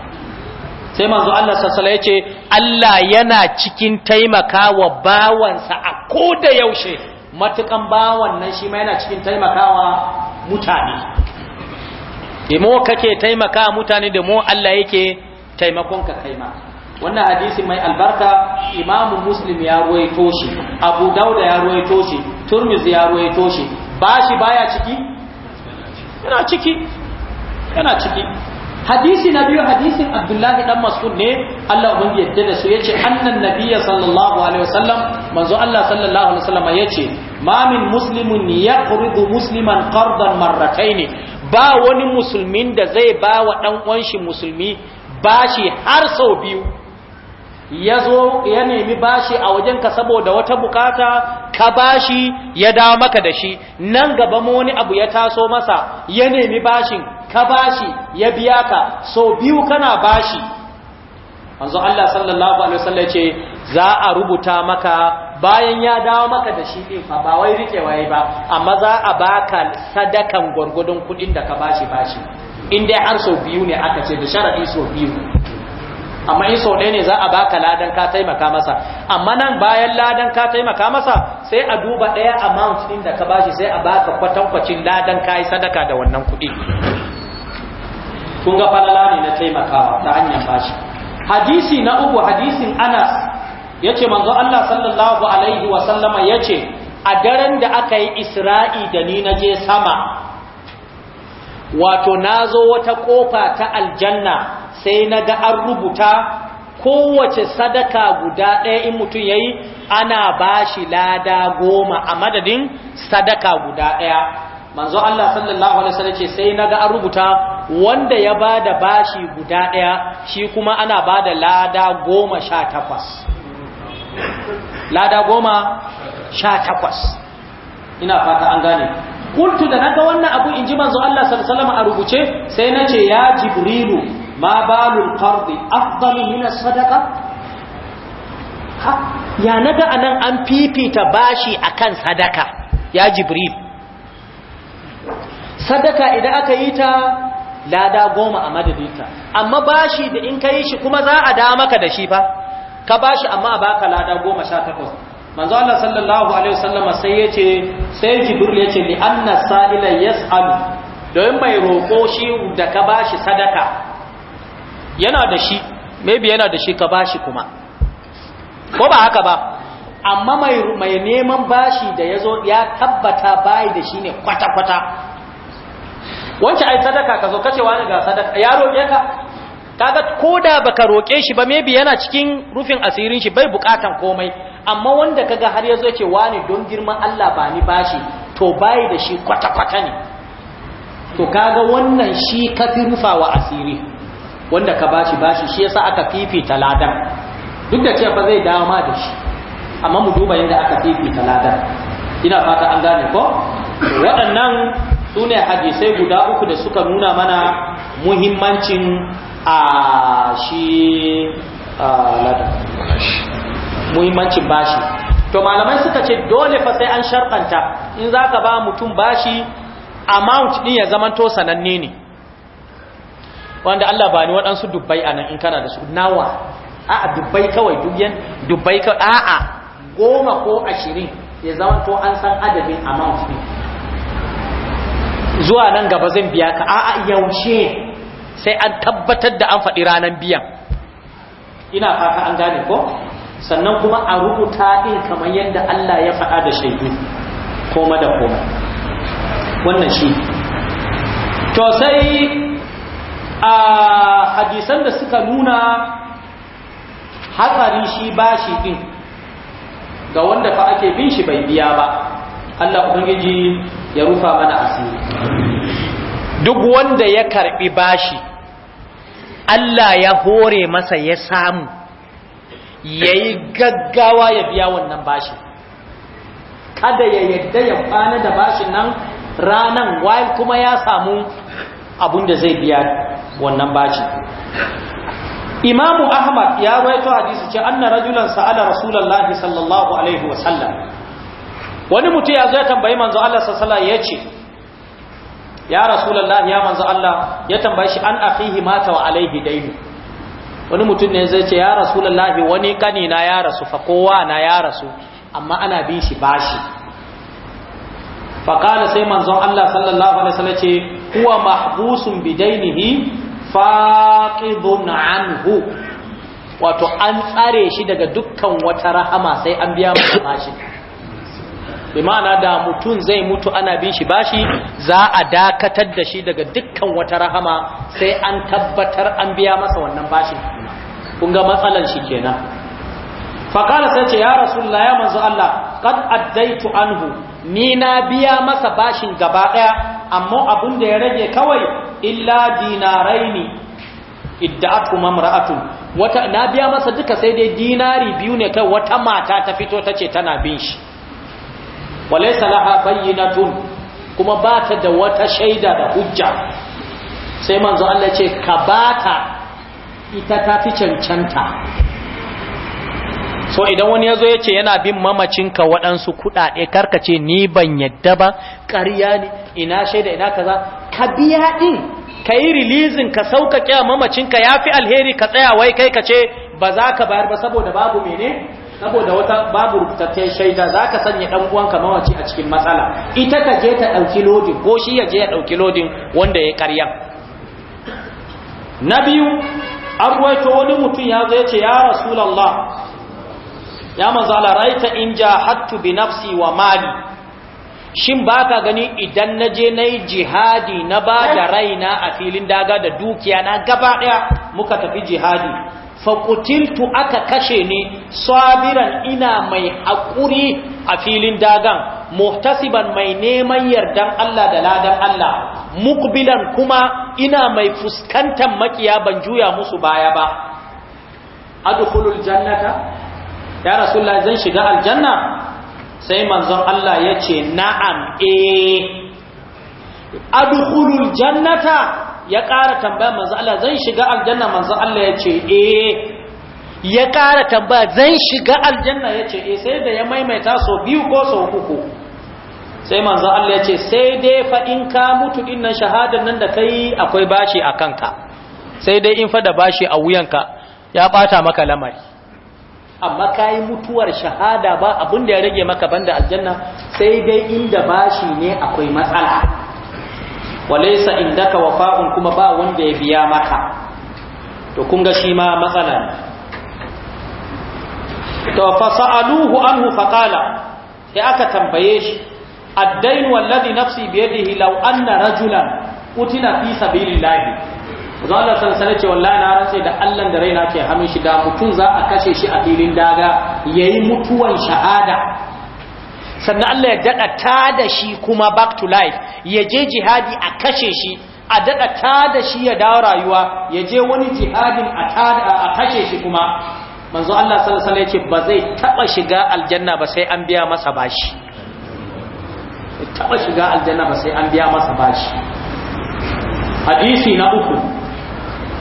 sai manzo Allah sassala ya ce Allah yana cikin taimakawa bawansa a ko da yaushe matukan bawan nan shi ma yana cikin taimakawa mutane demo kake taimaka mutane demo Allah yake taimakon ka kai ma wannan hadisi mai albarka imamu muslim ya ruwaito shi abu dauda ya ruwaito shi turmiz ya ruwaito shi bashi baya ciki yana ciki yana ciki hadisi na biyu hadisin abdullahi dan mas'ud ne Allah ubangi yadda da su yace annan nabiyya sallallahu alaihi wasallam manzo Allah sallallahu alaihi wasallam yace ma min muslimin yaqridu musliman qardan marrataini ba wani musulmin da zai ba wa dan uwan shi musulmi bashi har sau biyu ya zo ya nemi bashi a wajenka saboda wata bukata ka bashi ya da maka da shi nan gaba mu wani abu ya taso masa ya nemi bashin ka bashi ya biya ka so biyu kana bashi manzo Allah sallallahu alaihi wasallam ce za a rubuta maka bayan ya dawo maka da shi din fa ba wai rike waye ba amma za a baka sadakan gurgudun kudin da ka bashi bashi in dai har so biyu ne aka ce da sharadi so biyu amma in sau ɗaya ne za a baka ladan ka taimaka masa amma nan bayan ladan ka taimaka masa sai a duba ɗaya amount ɗin da ka bashi sai a baka kwatankwacin ladan ka yi sadaka da wannan kuɗi kun ga falala ne na taimakawa ta hanyar bashi hadisi na uku hadisin anas ya ce manzo allah sallallahu alaihi wa sallama ya ce a daren da aka yi isra'i da ni na je sama wato na zo wata ƙofa ta aljanna sai na ga an rubuta kowace sadaka guda ɗaya in mutum ya yi ana ba shi lada goma a madadin sadaka guda ɗaya manzo Allah sallallahu alaihi wasallam ce sai na ga an rubuta wanda ya ba da bashi guda ɗaya shi kuma ana ba da lada goma sha takwas lada goma sha takwas ina fata an gane kuntu da naga wannan abu in ji manzo Allah sallallahu alaihi wasallam a rubuce sai nace ya jibrilu ma balul القرض afdalu من sadaqa anan an fifita bashi akan sadaka ya jibril sadaka idan aka yi ta lada goma a madadinta amma bashi da in ka yi shi kuma za a da maka da shi fa ka bashi amma a baka lada goma sha takwas manzo Allah sallallahu alaihi wasallam sai yace sai jibril yace li anna sa'ila yas'alu don mai roko shi da ka bashi sadaka yana da shi maybe yana da shi ka bashi kuma ko ba haka ba amma mai neman bashi da ya zo ya tabbata bayi da shi ne kwata-kwata wanda ai sadaka ka zo kacewa ne ga sadaka ya roƙe ka kaga koda baka roƙe shi ba maybe yana cikin rufin asirin shi bai bukatan komai amma wanda kaga har yazo yake wani don girman Allah ba ni bashi to bai da shi kwata kwata ne to kaga wannan shi kafi rufawa asiri wanda ka bashi bashi shi yasa aka fifita ladan duk da cewa zai dawo ma da shi amma mu duba yadda aka fifita ladan ina fata an gane ko waɗannan sune hadisai guda uku da suka nuna mana muhimmancin a shi ladan muhimmancin bashi to malamai suka ce dole fa sai an sharkanta in zaka ba mutum bashi amount ɗin ya zamanto sananne ne wanda Allah ba ni waɗansu dubbai a nan in kana da su nawa a dubbai kawai dubyan dubbai kawai a'a goma ko ashirin ya zama to an san adabin amount ne zuwa nan gaba zan biya ka a'a yaushe sai an tabbatar da an faɗi ranar biyan ina fata an gane ko sannan kuma a rubuta ɗin kamar yadda Allah ya faɗa da shaidu koma da koma wannan shi to sai a hadisan da suka nuna hatsari shi ba shi din ga wanda fa ake bin shi bai biya ba Allah ubangiji ya rufa mana asiri duk wanda ya karbi bashi Allah ya hore masa ya samu yayi gaggawa ya biya wannan bashi kada ya yadda ya kwana da bashin nan ranan wai kuma ya samu abun da zai biya wannan bashi imamu ahmad ya waito hadisi ce anna rajulan sa'ala rasulullahi sallallahu alaihi wa sallam. wani mutum ya zo ya tambayi manzo Allah sallallahu ya ce ya rasulullahi ya manzo Allah ya tambaye shi an akhihi mata wa alaihi daini wani mutum ne zai ce ya rasulullahi wani kani na ya rasu fa kowa na ya rasu amma ana bin shi bashi fa kana sai manzon Allah sallallahu alaihi wa sallam ce huwa mahbusun bidainihi faqidun anhu wato an tsare shi daga dukkan wata rahama sai an biya masa bashi bi ma'ana da mutum zai mutu ana bin shi bashi za a dakatar da shi daga dukkan wata rahama sai an tabbatar an biya masa wannan bashin kun ga matsalan shi kenan faqala sai ce ya rasulullah ya manzo Allah qad addaitu anhu ni na biya masa bashin gaba daya amma abun da ya rage kawai illa dinaraini idda'at kuma mar'atun wata na biya masa duka sai dai dinari biyu ne kai wata mata ta fito tace tana bin shi walaysa laha bayyinatun kuma ba ta da wata shaida da hujja sai manzo Allah ce ka bata ita ta fi cancanta so idan wani ya zo ya ce yana bin mamacinka waɗansu kuɗaɗe karka ce ni ban yadda ba ƙarya ne ina shaida ina kaza ka biya ɗin ka yi rilizin ka sauƙaƙe a mamacinka ya fi alheri ka tsaya wai kai ka ce ba za ka bayar ba saboda babu mene saboda wata babu rubutaccen shaida za ka sanya ɗan uwanka mamaci a cikin matsala ita ka je ta ɗauki lodin ko shi ya je ya ɗauki lodin wanda ya ƙarya na biyu an wani mutum ya zo ya ce ya rasulallah ya manzo Allah raita in jahattu bi nafsi wa mali shin baka gani idan naje nayi jihadi na ba da raina a filin daga da dukiya na gaba daya muka tafi jihadi fa qutiltu aka kashe ni sabiran ina mai hakuri a filin dagan muhtasiban mai neman yardan Allah da ladan Allah muqbilan kuma ina mai fuskantar makiya ban juya musu baya ba adkhulul jannata ya rasulullah zan shiga aljanna sai manzon Allah ya ce na'am eh adkhulul jannata ya ƙara tambaya manzon Allah zan shiga aljanna manzon Allah ya ce eh ya ƙara tambaya zan shiga aljanna ya ce eh sai da ya maimaita so biyu ko so uku sai manzon Allah ya ce sai dai fa in ka mutu dinnan shahadar nan da kai akwai bashi a kanka sai dai in fa da bashi a wuyanka ya bata maka lamari amma ka yi mutuwar shahada ba abin da ya rage maka banda aljanna sai dai inda bashi ne akwai matsala walaisa ka wafa'un kuma ba wanda ya biya maka to kun ga shi ma matsala ne to fa sa'aluhu anhu fa qala sai aka tambaye shi ad-dain wallazi nafsi bi yadihi law anna rajulan utina fi sabilillah manzo Allah sallallahu wallahi na rantsa da Allah da raina ke hannun shi da mutum za a kashe shi a filin daga yayi mutuwan shahada sannan Allah ya daɗa ta da shi kuma back to life ya je jihadi a kashe shi a daɗa ta da shi ya dawo rayuwa ya je wani jihadin a kashe shi kuma manzo Allah sallallahu alaihi ba zai taba shiga aljanna ba sai an biya masa bashi taɓa shiga aljanna ba sai an biya masa bashi hadisi na uku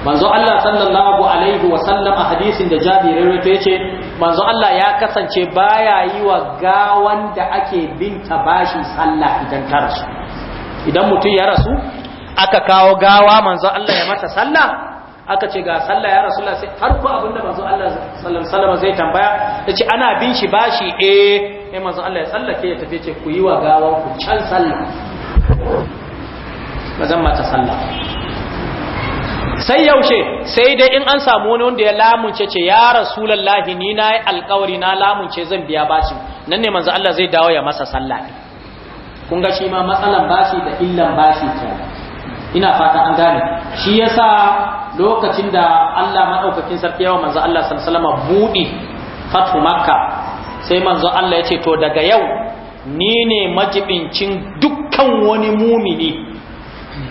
manzo Allah sallallahu alaihi wa sallam a hadisin da Jabir rawaito yace manzo Allah ya kasance baya yi wa gawan da ake bin ta bashi sallah idan ta rasu idan mutum ya rasu aka kawo gawa manzo Allah ya mata sallah aka ce ga sallah ya rasu sai farko abinda manzo Allah sallallahu alaihi zai tambaya yace ana bin shi bashi eh sai manzo Allah ya sallake ya tafi ce ku yi wa gawan ku can sallah bazan mata sallah sai yaushe sai dai in an samu wani wanda ya lamunce ce ya rasulullahi ni na yi alkawari na lamunce zan biya baci nan ne manzo Allah zai dawo ya masa sallah kun ga shi ma matsalan bashi da illan bashi ke ina fata an gane shi yasa lokacin da Allah madaukakin sarki yawa manzo Allah sallallahu alaihi wasallam budi fatu makka sai manzo Allah ya ce to daga yau ni ne majibincin dukkan wani mumini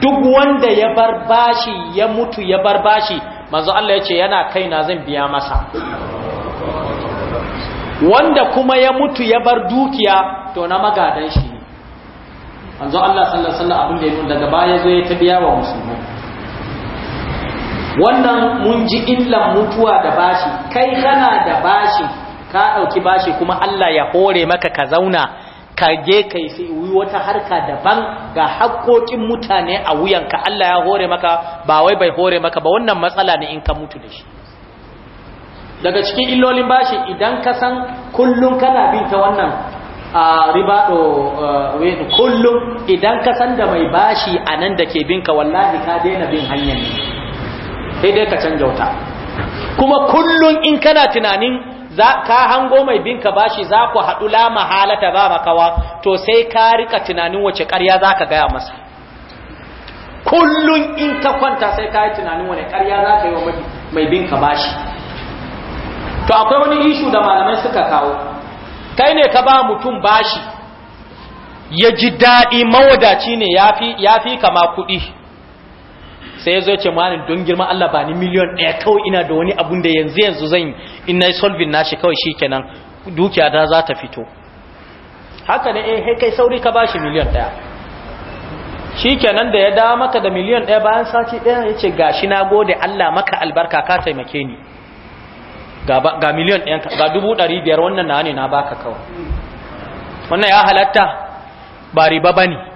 duk wanda ya bar bashi ya mutu ya bar bashi manzo Allah ya ce yana kaina zan biya masa wanda kuma ya mutu ya bar dukiya to na magadan shi ne manzo Allah sallallahu alaihi wasallam abin da ya daga baya zo ta biya wa musulmi wannan mun ji illan mutuwa da bashi kai kana da bashi ka dauki bashi kuma Allah ya hore maka ka zauna ka je ka yi wata harka daban ga haƙoƙin mutane a wuyanka Allah ya hore maka ba wai bai hore maka ba wannan matsala ne in ka mutu da shi daga cikin illolin bashi idan ka san kullum kana bin ta wannan a ribaɗo kullum idan ka san da mai bashi a nan da ke binka wallahi ka daina bin hanyar ne sai dai ka canja wuta kuma kullum in kana tunanin za ka hango mai bin ka bashi za ku haɗu lama halata ba makawa to sai ka rika tunanin wace ƙarya za ka gaya masa kullum in ka kwanta sai ka yi tunanin wani ƙarya za ka yi wa mai bin ka bashi to akwai wani ishu da malamai suka kawo kai ne ka ba mutum bashi ya ji daɗi mawadaci ne ya fi kama kuɗi sai ya zo ce malin don girma Allah ba ni miliyon ɗaya kawai ina da wani abun da yanzu yanzu zan in na solving nashi kawai shi kenan dukiya ta za ta fito haka ne eh kai sauri ka bashi miliyon ɗaya shi kenan da ya dawo maka da miliyon ɗaya bayan sati ɗaya ya ce gashi na gode Allah maka albarka ka taimake ni ga miliyon ɗaya ga dubu ɗari biyar wannan na ne na baka kawai wannan ya halatta ba riba ba ne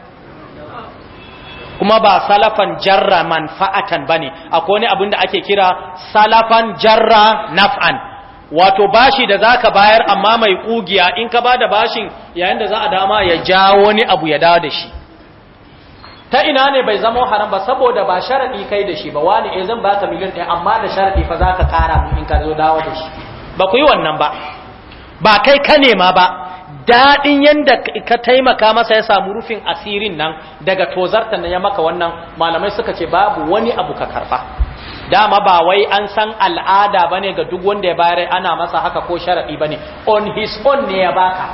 kuma ba salafan jarra manfa'atan bane akwai wani abin da ake kira salafan jarra naf'an wato bashi da zaka bayar amma mai kugiya in ka bada bashin yayin da za a dama ya ja wani abu ya dawo da shi ta ina ne bai zama haram ba saboda ba sharadi kai da shi ba wani eh zan baka miliyan ɗaya amma da sharadi fa zaka kara in ka zo dawo da shi ba ku yi wannan ba ba kai ka nema ba daɗin yadda ka taimaka masa ya samu rufin asirin nan daga tozarta na ya maka wannan malamai suka ce babu wani abu ka karfa. dama ba wai an san al'ada ba ga duk wanda ya bayar ana masa haka ko sharaɗi ba ne on his own ne ya baka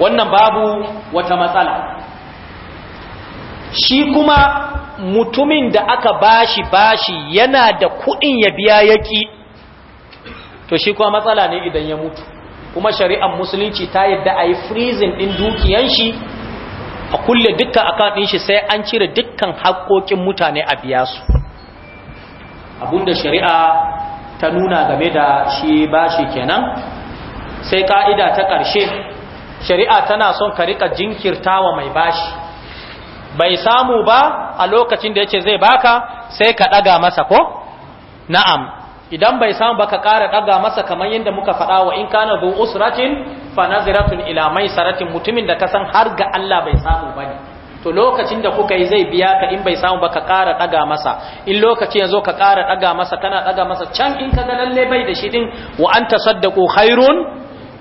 wannan babu wata matsala shi kuma mutumin da aka bashi bashi yana da kuɗin ya biya yaki to shi kuma matsala ne idan ya mutu kuma shari'ar musulunci ta yadda a yi freezing ɗin dukiyan shi a kulle dukkan account ɗin shi sai an cire dukkan haƙoƙin mutane a biya su abinda shari'a ta nuna game da shi bashi kenan sai ka'ida ta ƙarshe shari'a tana son ka riƙa jinkirtawa mai bashi bai samu ba a lokacin da ya ce zai baka sai ka ɗaga masa ko na'am idan bai samu baka ƙara ɗaga masa kamar yadda muka faɗa wa in kana zo usratin fa naziratun ila saratin mutumin da ka san har ga Allah bai samu ba ne. to lokacin da kuka yi zai biya ka in bai samu baka ƙara ɗaga masa in lokaci yanzu ka ƙara ɗaga masa kana ɗaga masa can in ka ga lalle bai da shi din wa an tasaddaqu khairun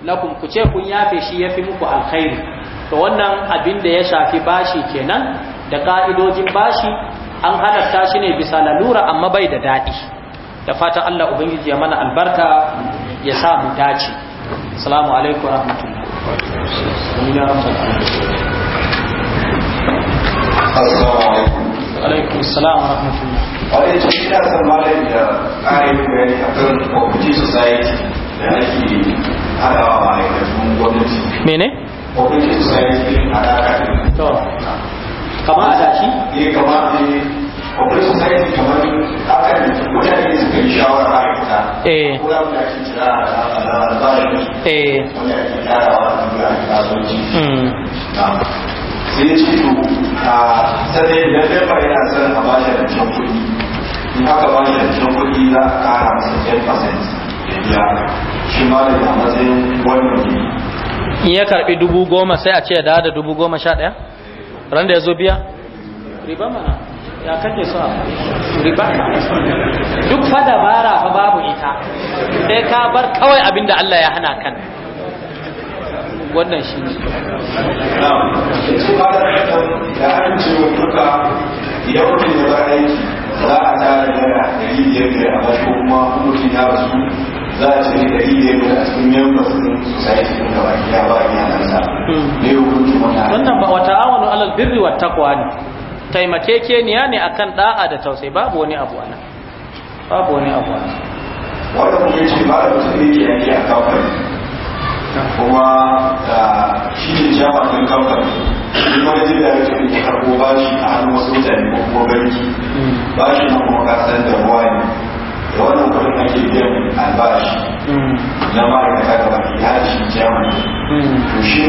lakum ku ce kun yafe shi yafi muku alkhairi to wannan abin da ya shafi bashi kenan da ka'idojin bashi an halatta shi ne bisa lalura amma bai da daɗi da fatan Allah ubangiji ya mana albarka ya sa mu dace Salamu alaikum wa warahmatullahi alaikum salam wa rahmatullah wani ce ina son malam da ƙarin bayani a kan kwamfuti society da nake haɗawa ma'aikatan gwamnati mene? kwamfuti society a ɗaƙa to kama a dashi? eh kama a eh. kamar mutane eh kuma da ake kira a eh wanda ake kira a sai ce to a sanai yana son a da kuɗi in aka da kuɗi za a kara masa 10% ya shi ma da matsayin wani ne in karbi dubu goma sai a ce ya da dubu goma sha daya. ran ya zo biya riba mana ya kake so riba duk fa dabara fa babu ita sai ka bar kawai abinda Allah ya hana kan wannan shi ne za a tara da ɗari biyar biyar a wasu kuma kuma ya rasu za a ce ɗari biyar biyar a cikin su ɗin society ɗin ba ya ba ya nan sa ne wannan ba wata awanu alal birri wa takwa ne taimakekeniya ne akan da'a da tausayi babu wani abu ana babu wani abu ana wanda kuma ce ba da mutum yake yanki a kamfani kuma da shi ne jama kan kamfani shi kuma jin da yake da karɓo ba shi a hannun wasu mutane ko kuma banki ba shi na kuma kasar da ruwa ne da wannan kudin ake biyan albashi na ma'aikata ga baki ya shi jama to shi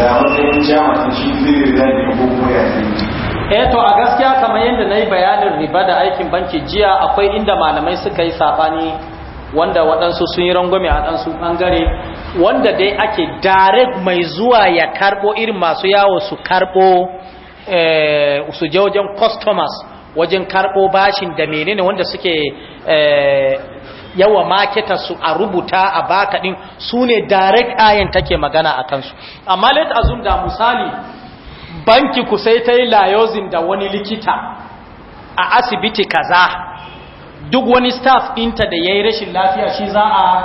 ya matsayin jama shi zai rinda ne ko kuma ya zai eh to a gaskiya kamar yadda na yi bayanin riba da aikin banki jiya akwai inda malamai suka yi saɓani wanda waɗansu sun yi rangwame a ɗansu ɓangare wanda dai ake direct mai zuwa ya karɓo irin masu yawo su karɓo eh, su je wajen customers wajen karɓo bashin da menene wanda suke eh, yawa maketa su a rubuta a baka ɗin su ne direct ayin take magana a kansu amma let azum da misali banki ku sai ta yi layozin da wani likita a asibiti kaza duk wani staff ɗinta da ya yi rashin lafiya shi za a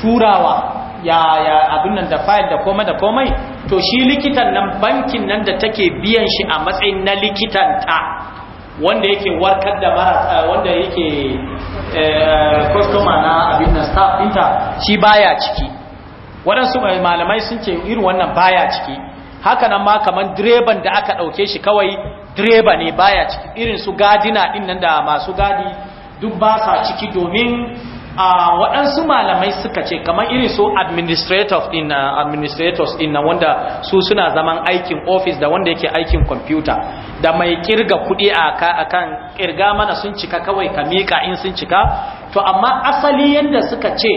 turawa ya, abin nan da fayil da komai da komai to shi likitan nan bankin nan da take biyan shi a matsayin na likitanta wanda yake warkar da marasa eh, wanda yake eh, customer na abin nan staff ɗinta shi baya ciki waɗansu malamai sun ce irin wannan baya ciki haka nan ma kaman direban da aka ɗauke shi kawai direba ne baya ciki irin su gadina ɗin nan da masu gadi duk ba sa ciki domin a waɗansu malamai suka ce kamar irin su administrators in administrators in wanda su suna zaman aikin ofis da wanda yake aikin kwamfuta. da mai kirga kuɗi a kan kirga mana sun cika kawai ka miƙa in sun cika to amma asali yadda suka ce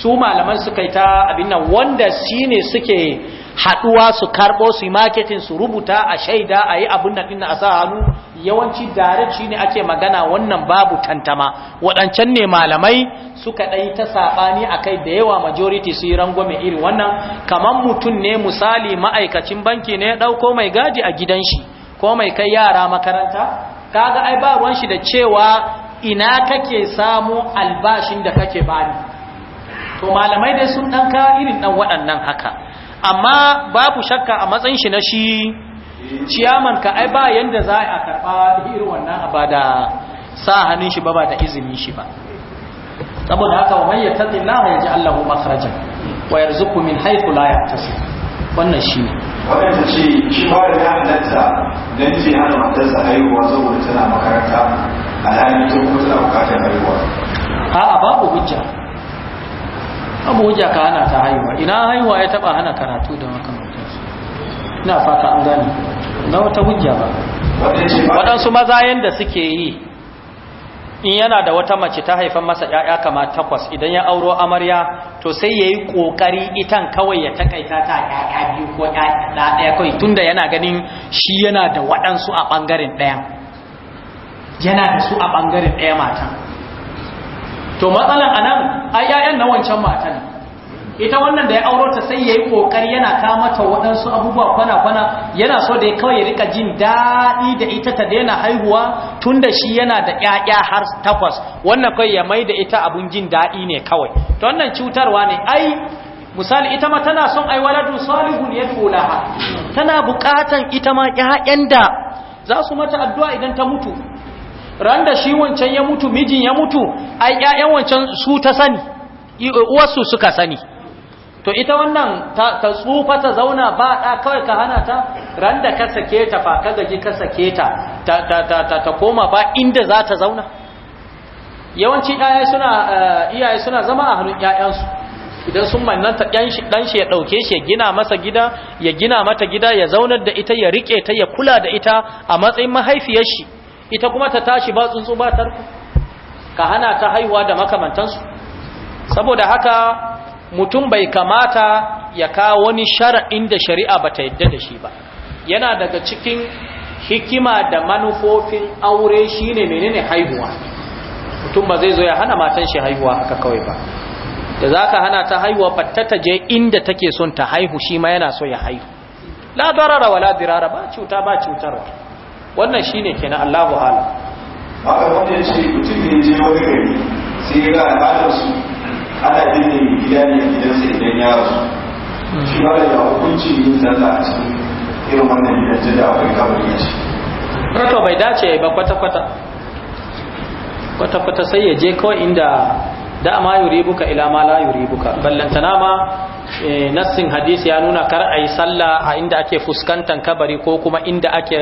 su malaman suka yi ta abin nan wanda shi ne suke haduwa su karbo su marketing su rubuta a shaida a yi abin nan a sa hannu yawanci direct shi ne ake magana wannan babu tantama waɗancan ne malamai suka ɗai ta saɓani a kai da yawa majority su yi rangwame iri. wannan kamar mutum ne misali ma'aikacin banki ne ya ɗauko mai gadi a gidan shi ko mai kai yara makaranta kaga ai ba ruwan shi da cewa ina kake samu albashin da kake bani to malamai dai sun ɗan ka irin ɗan waɗannan haka amma babu shakka a matsayin shi na shi ciyaman ka ai ba yanda za a karɓa irin wannan ba da sa hannun shi ba ba da izinin shi ba saboda haka wa ya tafi lama ya ji allahu makarajan wa yarzuku min haiku la ya tasu wannan shi ne wadanda ce shi ba da ta halatta don ce hana matarsa haihuwa saboda tana makaranta a halin tun kuma tana bukatar haihuwa a'a babu hujja abu hujja ka hana ta haihuwa ina haihuwa ya taba hana karatu da su? ina fata an gane na wata hujja ba waɗansu maza yadda suke yi in yana da wata mace ta haifan masa ‘ya'ya kama takwas idan ya auro amarya to sai ya yi ƙoƙari itan kawai ya takaita ta ‘ya'ya biyu ko ‘ya'ya kawai tunda yana ganin shi yana da waɗansu a ɓangaren ɗaya yana da su a ɓangaren ɗaya matan to matsalan anan a ƴaƴan na wancan matan ita wannan da ya auro ta sai yayi kokari yana ka mata waɗansu abubuwa kwana kwana yana so da ya kawai ya rika jin daɗi da ita ta daina haihuwa tunda shi yana da ƴaƴa har takwas wannan kai ya mai da ita abun jin daɗi ne kawai to wannan cutarwa ne ai misali ita ma tana son ai waladu salihun yad'u laha tana buƙatan ita ma ƴaƴan da za su mata addu'a idan ta mutu ran da shi wancan ya mutu mijin ya mutu ai ƴaƴan wancan su ta sani uwarsu suka sani to ita wannan ta, tsufa ta zauna ba ɗa kawai ka hana ta ran da ka sake ta fa ka gaji ka sake ta ta, ta, ta, koma ba inda za ta zauna yawanci ɗaya suna eh, iyaye suna zama a hannun ƴaƴansu idan sun mannanta ɗan shi ya ɗauke shi ya gina masa gida ya gina mata gida ya zaunar da ita ya riƙe ta ya kula da ita a matsayin mahaifiyar shi ita kuma ta tashi ba tsuntsu ba tarko ka hana ta haihuwa da makamantansu saboda haka mutum bai kamata ya kawo wani shara'in da shari'a ba ta yadda da shi ba yana daga cikin hikima da manufofin aure shine menene haihuwa mutum ba zai zo ya hana matan shi haihuwa haka kawai ba da zaka hana ta haihuwa fatta ta je inda take son ta haihu shi ma yana so ya haihu la darara wala dirara ba cuta ba cutarwa wannan shi shine kenan Allahu hala haka wanda ya ce mutum ne je wani gari sai ya ga al'adarsu su ana binne gida ne gidansa idan ya rasu shi ba da ya hukunci yin sallah a cikin irin wannan gidan da akwai kamar yaci rato bai dace ba kwata-kwata kwata-kwata sai ya je kawai inda yuri buka ila ma la yuri buka ballantana ma eh, nassin hadisi ya nuna kar a yi sallah a inda ake fuskantar kabari ko kuma inda ake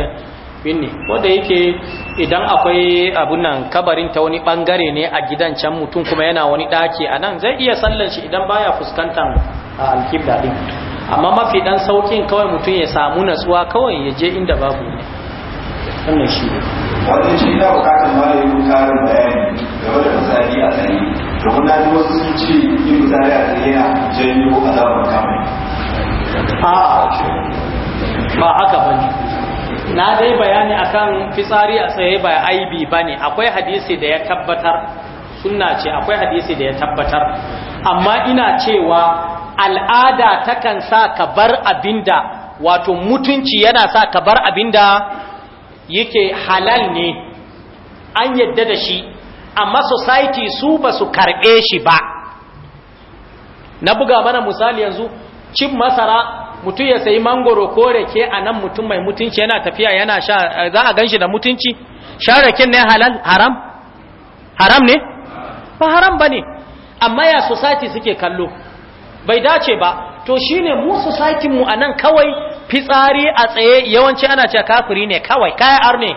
binne ko da yake idan akwai abun nan kabarin ta wani bangare ne a gidan can mutum kuma yana wani daki a nan zai iya sallan shi idan baya fuskantar alkibla din amma mafi dan saukin kawai mutum ya samu natsuwa kawai ya je inda babu ne wannan shi ne wannan shi ina bukatar malamin karin bayani game da misali a sani domin na da wasu sun ce yin misali a tsaye yana janyo azabar kamar a ba haka bane na dai bayani akan fitsari a tsaye ba aibi bane akwai hadisi da ya tabbatar sunna ce akwai hadisi da ya tabbatar amma ina cewa al'ada takan sa ka bar abinda wato mutunci yana sa ka bar abinda yake halal ne an yadda da shi amma society su ba su karɓe shi ba na buga mana misali yanzu cin masara mutum ya sayi mangoro ko rake a nan mutum mai mutunci yana tafiya yana sha za a ganshi da mutunci sha raken ne halal haram haram ne ba haram bane amma ya society suke kallo bai dace ba to shine mu society mu anan kawai fitsari a tsaye yawanci ana cewa kafiri ne kawai kaya ne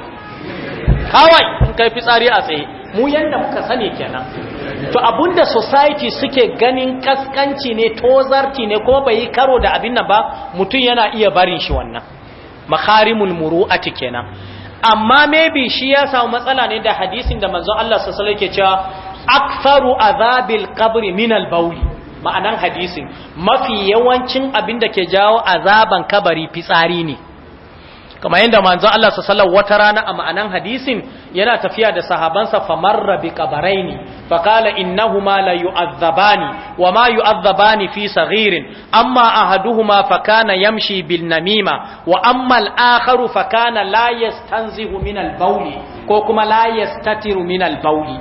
kawai in kai fitsari a tsaye mu yanda muka sani kenan to abunda society suke ganin kaskanci ne tozarci ne ko bai karo da abin nan ba mutum yana iya barin shi wannan makharimul muru'ati kenan amma maybe shi ya samu matsala ne da hadisin da manzo Allah sallallahu alaihi yake cewa aktharu azabil qabri min al bawl ma'anan hadisin mafi yawancin abinda ke jawo azaban kabari fitsari ne kamar yadda manzon Allah sallallahu wata rana a ma'anan hadisin yana tafiya da sahabansa famarra bi qabaraini faqala innahuma la yu'adhabani wa ma yu'adhabani fi saghirin amma ahaduhuma fakana yamshi bin namima wa amma al-akharu fakana la yastanzihu min al-bawli ko kuma la yastatiru min al-bawli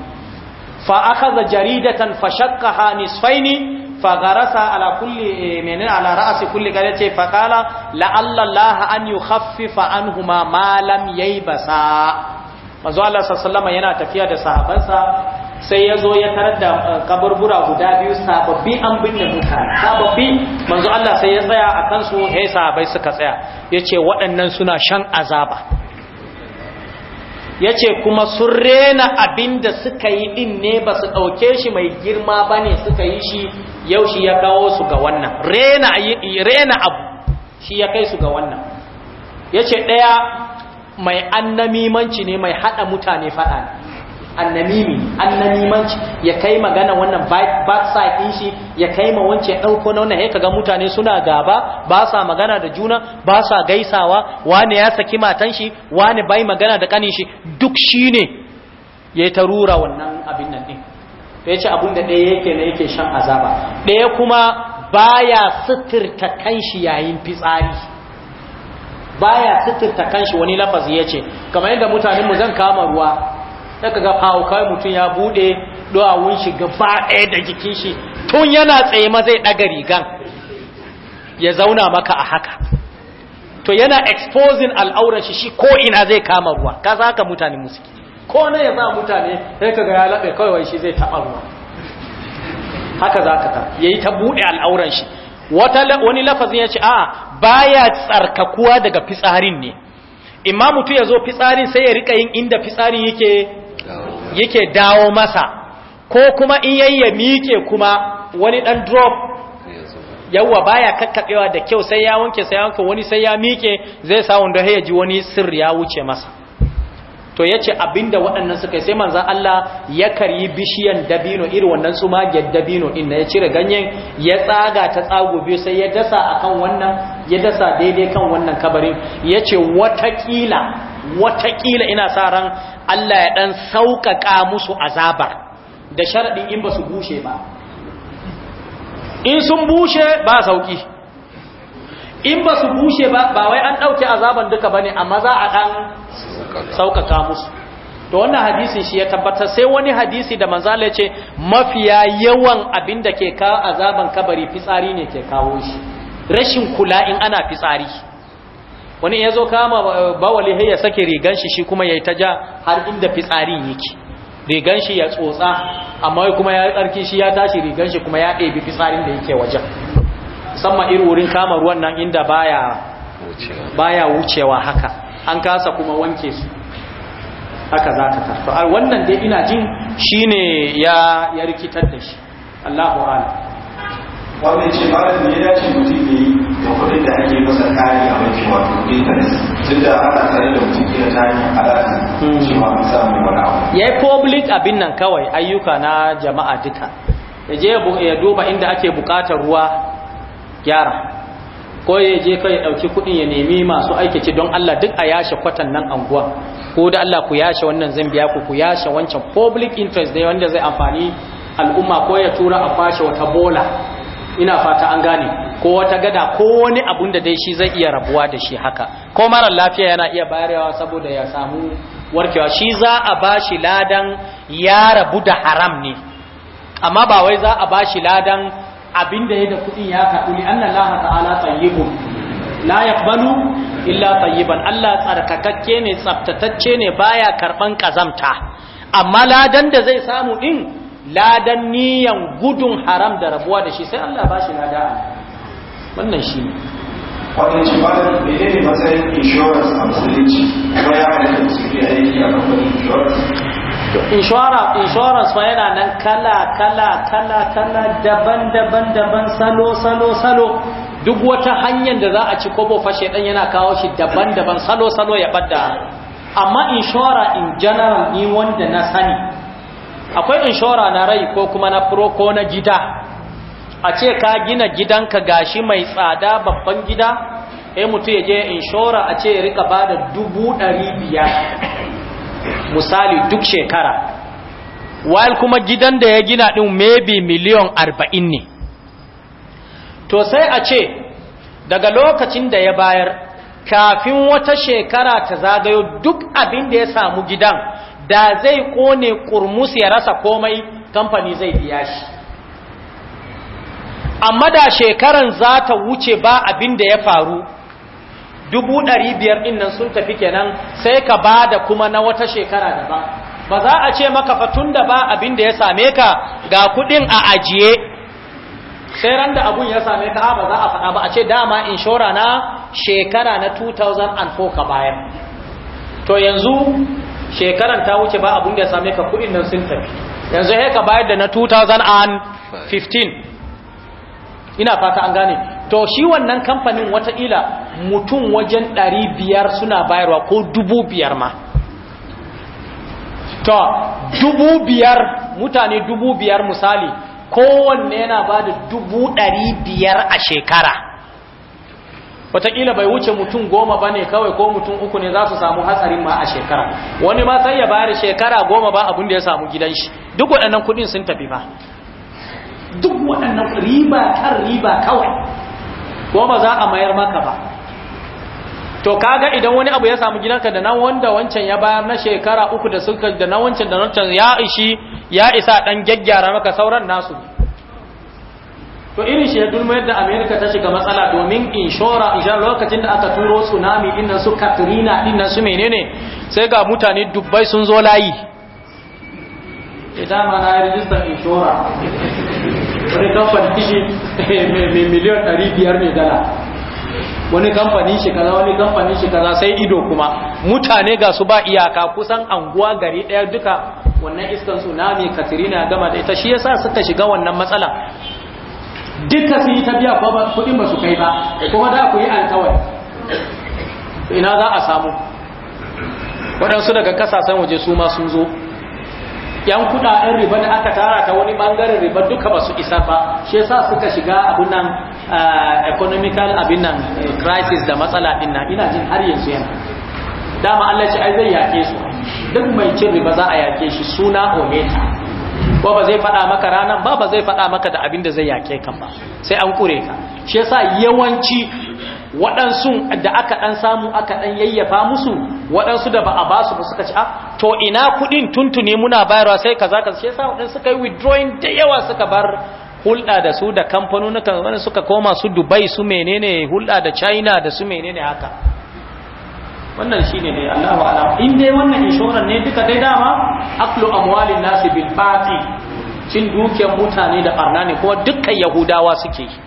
fa akhadha jaridatan fashaqqaha nisfaini fagarasa ala kulli menene ala ra'asi kulli kare ce faqala la'alla Allah an yukhaffifa anhuma ma lam yaybasa manzo Allah sallallahu yana tafiya da sahabansa sai ya zo ya tarar da kaburbura guda biyu sababbi an binne mutane sababbi manzo Allah sai ya tsaya a kansu sai sahabai suka tsaya yace waɗannan suna shan azaba yace kuma sun rena abinda suka yi din ne ba su ɗauke shi mai girma ba ne suka yi shi yau shi ya kawo su ga wannan rena rena abu shi ya kai su ga wannan yace daya mai annamimanci ne mai hada mutane fada ne annamimi annamimanci ya kai magana wannan backside din shi ya kai ma wance dauko na wannan kaga mutane suna gaba ba sa magana da juna ba sa gaisawa wane ya saki matan shi wani bai magana da kanin shi duk shine yayi tarura wannan abin nan din to yace abun da ɗaya yake na yake shan azaba ɗaya kuma baya suturta kanshi yayin fitsari baya suturta kanshi wani lafazi yace kamar yadda mutanen mu zan kama ruwa daga ga fawo kai mutun ya buɗe duwawun shi gaba ɗaya da jikin shi tun yana tsaye ma zai ɗaga rigan ya zauna maka a haka to yana exposing al'auran shi ko'ina ko ina zai kama ruwa kaza haka mutanen mu suke ko na ya ba mutane sai kaga ya laɓe kawai shi zai taɓa ruwa haka za ka ta yayi ta buɗe al'auran shi wani lafazin ya ce a'a baya tsarkakuwa daga fitsarin ne imam mutu ya zo fitsarin sai ya rika yin inda fitsarin yake yake dawo masa ko kuma in yayi ya miƙe kuma wani dan drop yawa baya kakkabewa da kyau sai ya wanke sai ya wanke wani sai ya miƙe zai sa wanda ya ji wani sirri ya wuce masa to yace abinda waɗannan suka yi sai manzan Allah ya karyi bishiyan dabino irin wannan su magiyar dabino ina, ya cire ganyen ya tsaga ta tsago biyu sai ya dasa akan wannan ya dasa daidai kan wannan kabarin ya ce watakila watakila ina sa ran Allah ya ɗan sauƙaƙa musu azabar da sharaɗin in ba su bushe ba in sun bushe ba sauƙi in ba su bushe ba ba wai an ɗauke azaban duka ba ne amma za a ɗan sauƙaƙa musu to wannan hadisin shi ya tabbatar sai wani hadisi da manzala ya ce mafiya yawan abin da ke kawo azaban kabari fitsari ne ke kawo shi rashin kula in ana fitsari wani ya zo kama eh, bawali ya sake rigan shi shi kuma ya yi ta ja har inda fitsari yake rigan shi ya tsotsa amma kuma ya tsarki shi ya tashi rigan shi kuma ya ɗebi fitsarin da yake wajen musamman iri wurin kama ruwan nan inda baya baya wucewa haka an kasa kuma wanke su haka za ka tafi wannan dai ina jin shine ya ya rikitar da shi Allahu a'lam wannan ce malam ne ya ce mutum ne da kudin da ake masa kari a banki wato interest tun da ana tare da mutum ke ta yi alaƙa cewa an samu wani abu ya yi public abin nan kawai ayyuka na jama'a duka ya je ya duba inda ake buƙatar ruwa gyara ko ya je ka ya ɗauki kuɗin ya nemi masu aikaci don Allah duk a yashe kwatan nan anguwa ko da Allah ku yashe wannan zan ku ku yashe wancan public interest ne wanda zai amfani al'umma ko ya tura a kwashe wata bola ina fata an gane ko wata gada ko wani abun da dai shi zai iya rabuwa da shi haka ko marar lafiya yana iya bayarwa saboda ya samu warkewa shi za a bashi ladan ya rabu da haram ne amma ba wai za a bashi ladan Abin da ya da kuɗin ya karɓi li anna Allah ta'ala tayyibun la yaqbalu illa tayyiban Allah tsarkakakke ne tsaftatacce ne baya karban kazamta amma ladan da zai samu din ladan niyan gudun haram da rabuwa da shi sai Allah ba shi lada wannan shi ne wannan shi ba da menene matsayin insurance a musulunci kuma ya da halatta musulmi aiki a kamfanin insurance insurance insurance fa yana nan kala kala kala kala daban daban daban salo salo salo duk wata hanyar da za a ci kobo fashe dan yana kawo shi daban daban salo salo ya bada amma inshora in general ni wanda na sani akwai inshora na rai ko kuma na pro ko na gida a ce ka gina gidanka gashi mai tsada babban gida eh mutu yaje je inshora a ce ya rika bada dubu ɗari biyar misali duk shekara wal kuma gidan da ya gina din maybe miliyon arba'in ne to sai a ce daga lokacin da ya bayar kafin wata shekara ta zagayo duk abin da ya samu gidan da zai kone kurmus ya rasa komai kamfani zai biya shi amma da shekaran za ta wuce ba abin da ya faru dubu ɗari biyar ɗin nan sun tafi kenan sai ka ba da kuma na wata shekara da ba za a ce maka fatun da ba abin da ya same ka ga kuɗin a ajiye sai ran da abun ya same ka ba za a faɗa ba a ce dama inshora na shekara na 2004 ka bayan to yanzu shekaran ta wuce ba abun da ya same ka kuɗin nan sun tafi yanzu sai ka bayar da na 2015 ina fata an gane to shi wannan kamfanin wataƙila mutum wajen ɗari biyar suna bayarwa ko dubu ma to dubu mutane dubu misali kowanne yana ba da dubu a shekara wataƙila bai wuce mutum goma ba ne kawai ko mutum uku ne za su samu hatsarin ma a shekara wani ma sai ya bayar shekara goma ba abin ya samu gidan shi duk waɗannan kuɗin sun tafi ba duk waɗannan riba kan riba kawai ko ba za a mayar maka ba to kaga idan wani abu ya samu gidanka da nan wanda wancan ya bayar na shekara uku da suka da nan wancan da wancan ya ishi ya isa dan gaggyara maka sauran nasu to irin shi ya dulma yadda America ta shiga matsala domin inshora insha lokacin da aka turo tsunami din su Katrina din su menene sai ga mutane dubbai sun zo layi idan eh, ma na rijistar inshora wani kamfani kishi mai miliyan 500 ne dala wani kamfani shi kaza wani kamfani shi kaza sai ido kuma mutane ga su ba iyaka kusan anguwa gari daya duka wannan iskan tsunami katrina gama da ita shi yasa suka shiga wannan matsala duka su yi ta biya ba kudin ba su kai ba kuma da ku yi alkawari ina za a samu waɗansu daga kasashen waje su ma sun zo yan kudaden riba da aka tara ta wani bangaren riba duka ba su isa ba shi suka shiga abin nan eh, economical abin nan eh, crisis da matsala ɗin nan ina jin har yanzu yana dama Allah ce ai zai yake su duk mai cin riba za a yake shi suna ometa ko ba zai faɗa maka ranan ba ba zai faɗa maka da abin da zai yake kan ba sai an kure ka shi yasa yawanci waɗansu da aka ɗan samu aka ɗan yayyafa musu waɗansu da ba a basu ba suka ci a ah, to ina kuɗin tuntuni muna bayarwa sai kaza ka sai sa waɗansu suka yi withdrawing da yawa suka bar hulɗa da su da kamfanonukan wani suka koma su dubai su menene hulɗa da china da su menene haka wannan shi ne dai allahu ala in dai wannan inshorar ne duka dai dama aklu amwalin nasi bil cin dukiyar mutane da barna ne kuma dukkan yahudawa suke yi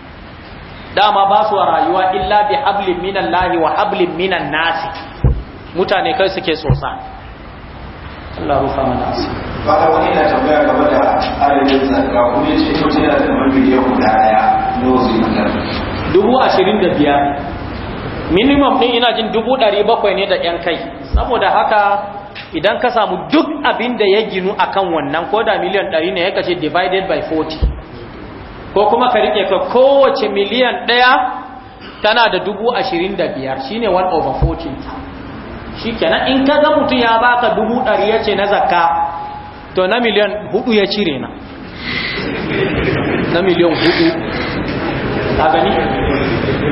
dama ba su rayuwa illa bi hablin minan lahi wa hablin minan nasi mutane kai suke sosa. Allah rufa mana asiri ba wani na tambaya game da adadin zakka kuma ce ko yana da yau guda daya no zakka dubu ashirin da biyar minimum ɗin ina jin dubu ɗari bakwai ne da ƴan kai saboda haka idan ka samu duk abin da ya ginu akan wannan ko da miliyan ɗari ne ya kashe divided by 40 ko kuma ka rike ka kowace miliyan ɗaya tana da dubu ashirin da biyar shi ne one over fourteen shi kenan in ka ga mutum ya baka dubu ɗari ya ce na zakka to na miliyan hudu ya cire na na miliyan hudu ta gani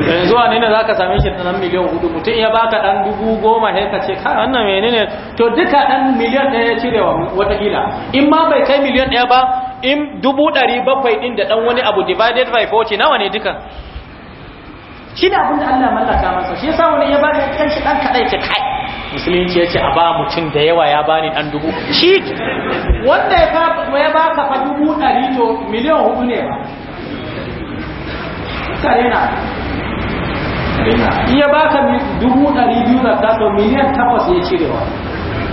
yanzu wane ne za ka sami shi na miliyan hudu mutum ya baka ɗan dubu goma ya ce ka wannan mene ne to duka ɗan miliyan ɗaya ya cire wa watakila in ma bai kai miliyan ɗaya ba in dubu ɗari bakwai ɗin da ɗan wani abu divided by 40 nawa ne dukan shi da abin da Allah mallaka masa shi yasa wani ya ba da kan shi ɗan kaɗai ce kai musulunci ya ce a ba mutum da yawa ya ba ni ɗan dubu shi wanda ya ba ka fa dubu ɗari to miliyan hudu ne ba karena iya ba ka dubu ɗari biyu da ta miliyan takwas ya cirewa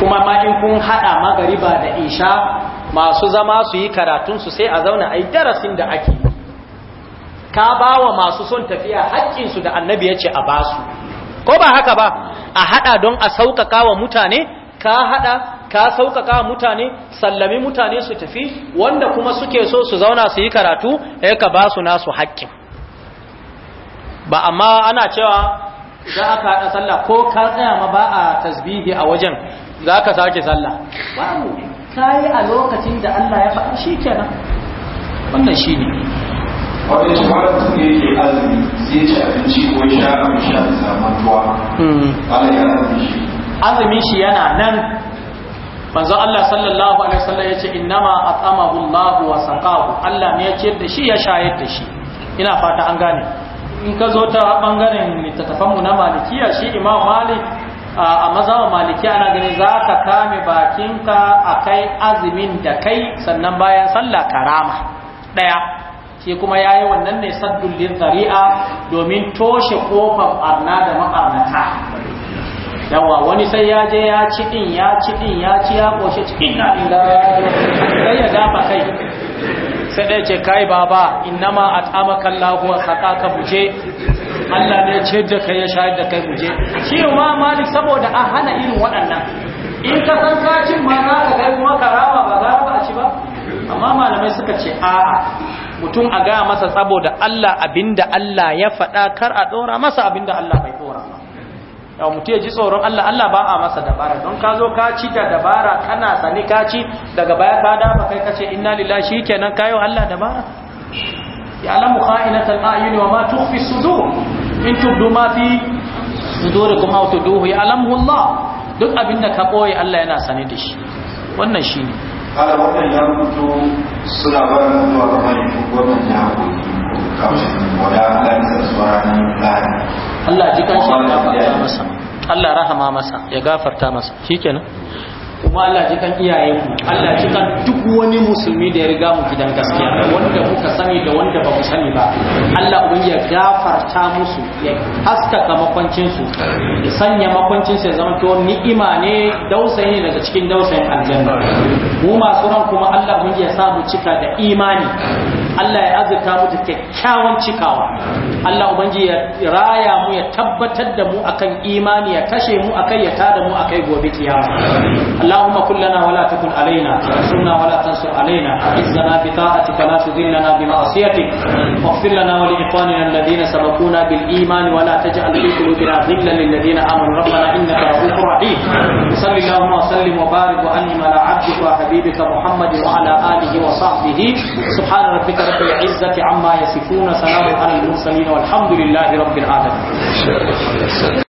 kuma ma in kun haɗa magariba da isha masu zama su yi karatunsu sai a zauna a yi darasin da ake ka ba wa masu son tafiya hakkin su da annabi ya ce a ba su ko ba haka ba a haɗa don a sauƙaƙa wa mutane ka haɗa ka sauƙaƙa mutane sallami mutane su tafi wanda kuma suke so su zauna su yi karatu ya ka ba su nasu haƙƙin ba amma ana cewa za a kaɗa sallah ko ka tsaya ma ba a tasbihi a wajen za ka sake sallah babu ka yi a lokacin da Allah ya faɗa shi ke nan. wannan shi ne wadda shi wadda su ne ke azumi sai ci abinci ko sha abin sha da samantuwa hmm. ala ya azumi shi azumi shi yana nan manzo Allah sallallahu alaihi wasallam yace innama at'amahu Allah wa saqahu Allah ne ya ce da shi ya shayar da shi ina fata an gane in ka zo ta bangaren littattafanmu na malikiya shi imam malik a mazawa maliki ana ganin za ka kame bakinka a kai azumin da kai sannan bayan sallah karama ɗaya shi kuma ya yi wannan ne saddullin lirzari'a domin toshe kofar arna da ma'arnata yawa wani sai ya je ya ci ɗin ya ci ɗin ya ci ya ƙoshe cikin na inda sai ya kai sai ɗaya ce kai baba innama a tsamakan lahuwar haƙa ka buce Allah ne ce da kai ya shayar da kai muje shi ma malik saboda a hana irin waɗannan in ka san kacin ma za ka kai kuma karama ba za a ci ba amma malamai suka ce a'a mutum a gaya masa saboda Allah abinda Allah ya faɗa kar a ɗora masa abinda Allah bai ɗora ba yau mutum ya ji tsoron Allah Allah ba a masa dabara don ka zo ka ci da dabara kana sani ka ci daga baya ka dafa kai ka ce inna lillahi shikenan kayo Allah dabara ya alamu kha'inatal a'yun wa ma tukhfi sudur in tubdu ma fi sudurikum aw tuduhu ya'lamu Allah duk abin da ka boye. Allah yana sane da shi wannan shine kada wannan ya mutu suna ba mu zuwa ga mai wannan ya koyi kafin wanda Allah ya sa suwa nan lani Allah ji kan shi ya masa Allah rahama masa ya gafarta masa shikenan kuma Allah ji kan ku. Allah ji kan duk wani musulmi da ya riga mu gidan gaskiya wanda kuka sani da wanda ba ku sani ba Allah ubangi ya gafarta musu ya haskaka makwancin su ya sanya makwancin su ya zama to ni'ima ne dausayi ne daga cikin dausayin aljanna mu masu ran kuma Allah ubangi ya sa mu cika da imani Allah ya azurta mu da kyakkyawan cikawa Allah ubangi ya raya mu ya tabbatar da mu akan imani ya kashe mu akai ya tada mu akai gobe kiyama Allahumma kullana wala takun alaina sunna wala tansur alaina izzana bi ta'atika la tudillana bi ma'siyatik waghfir lana wa li ikhwanina alladhina sabaquna bil iman wala taj'al fi qulubina ghillan lil ladina amanu rabbana innaka رؤوف رحيم صل اللهم وسلم وبارك وانعم على عبدك وحبيبك محمد وعلى اله وصحبه سبحان ربك رب العزة عما يصفون سلام على المرسلين والحمد لله رب العالمين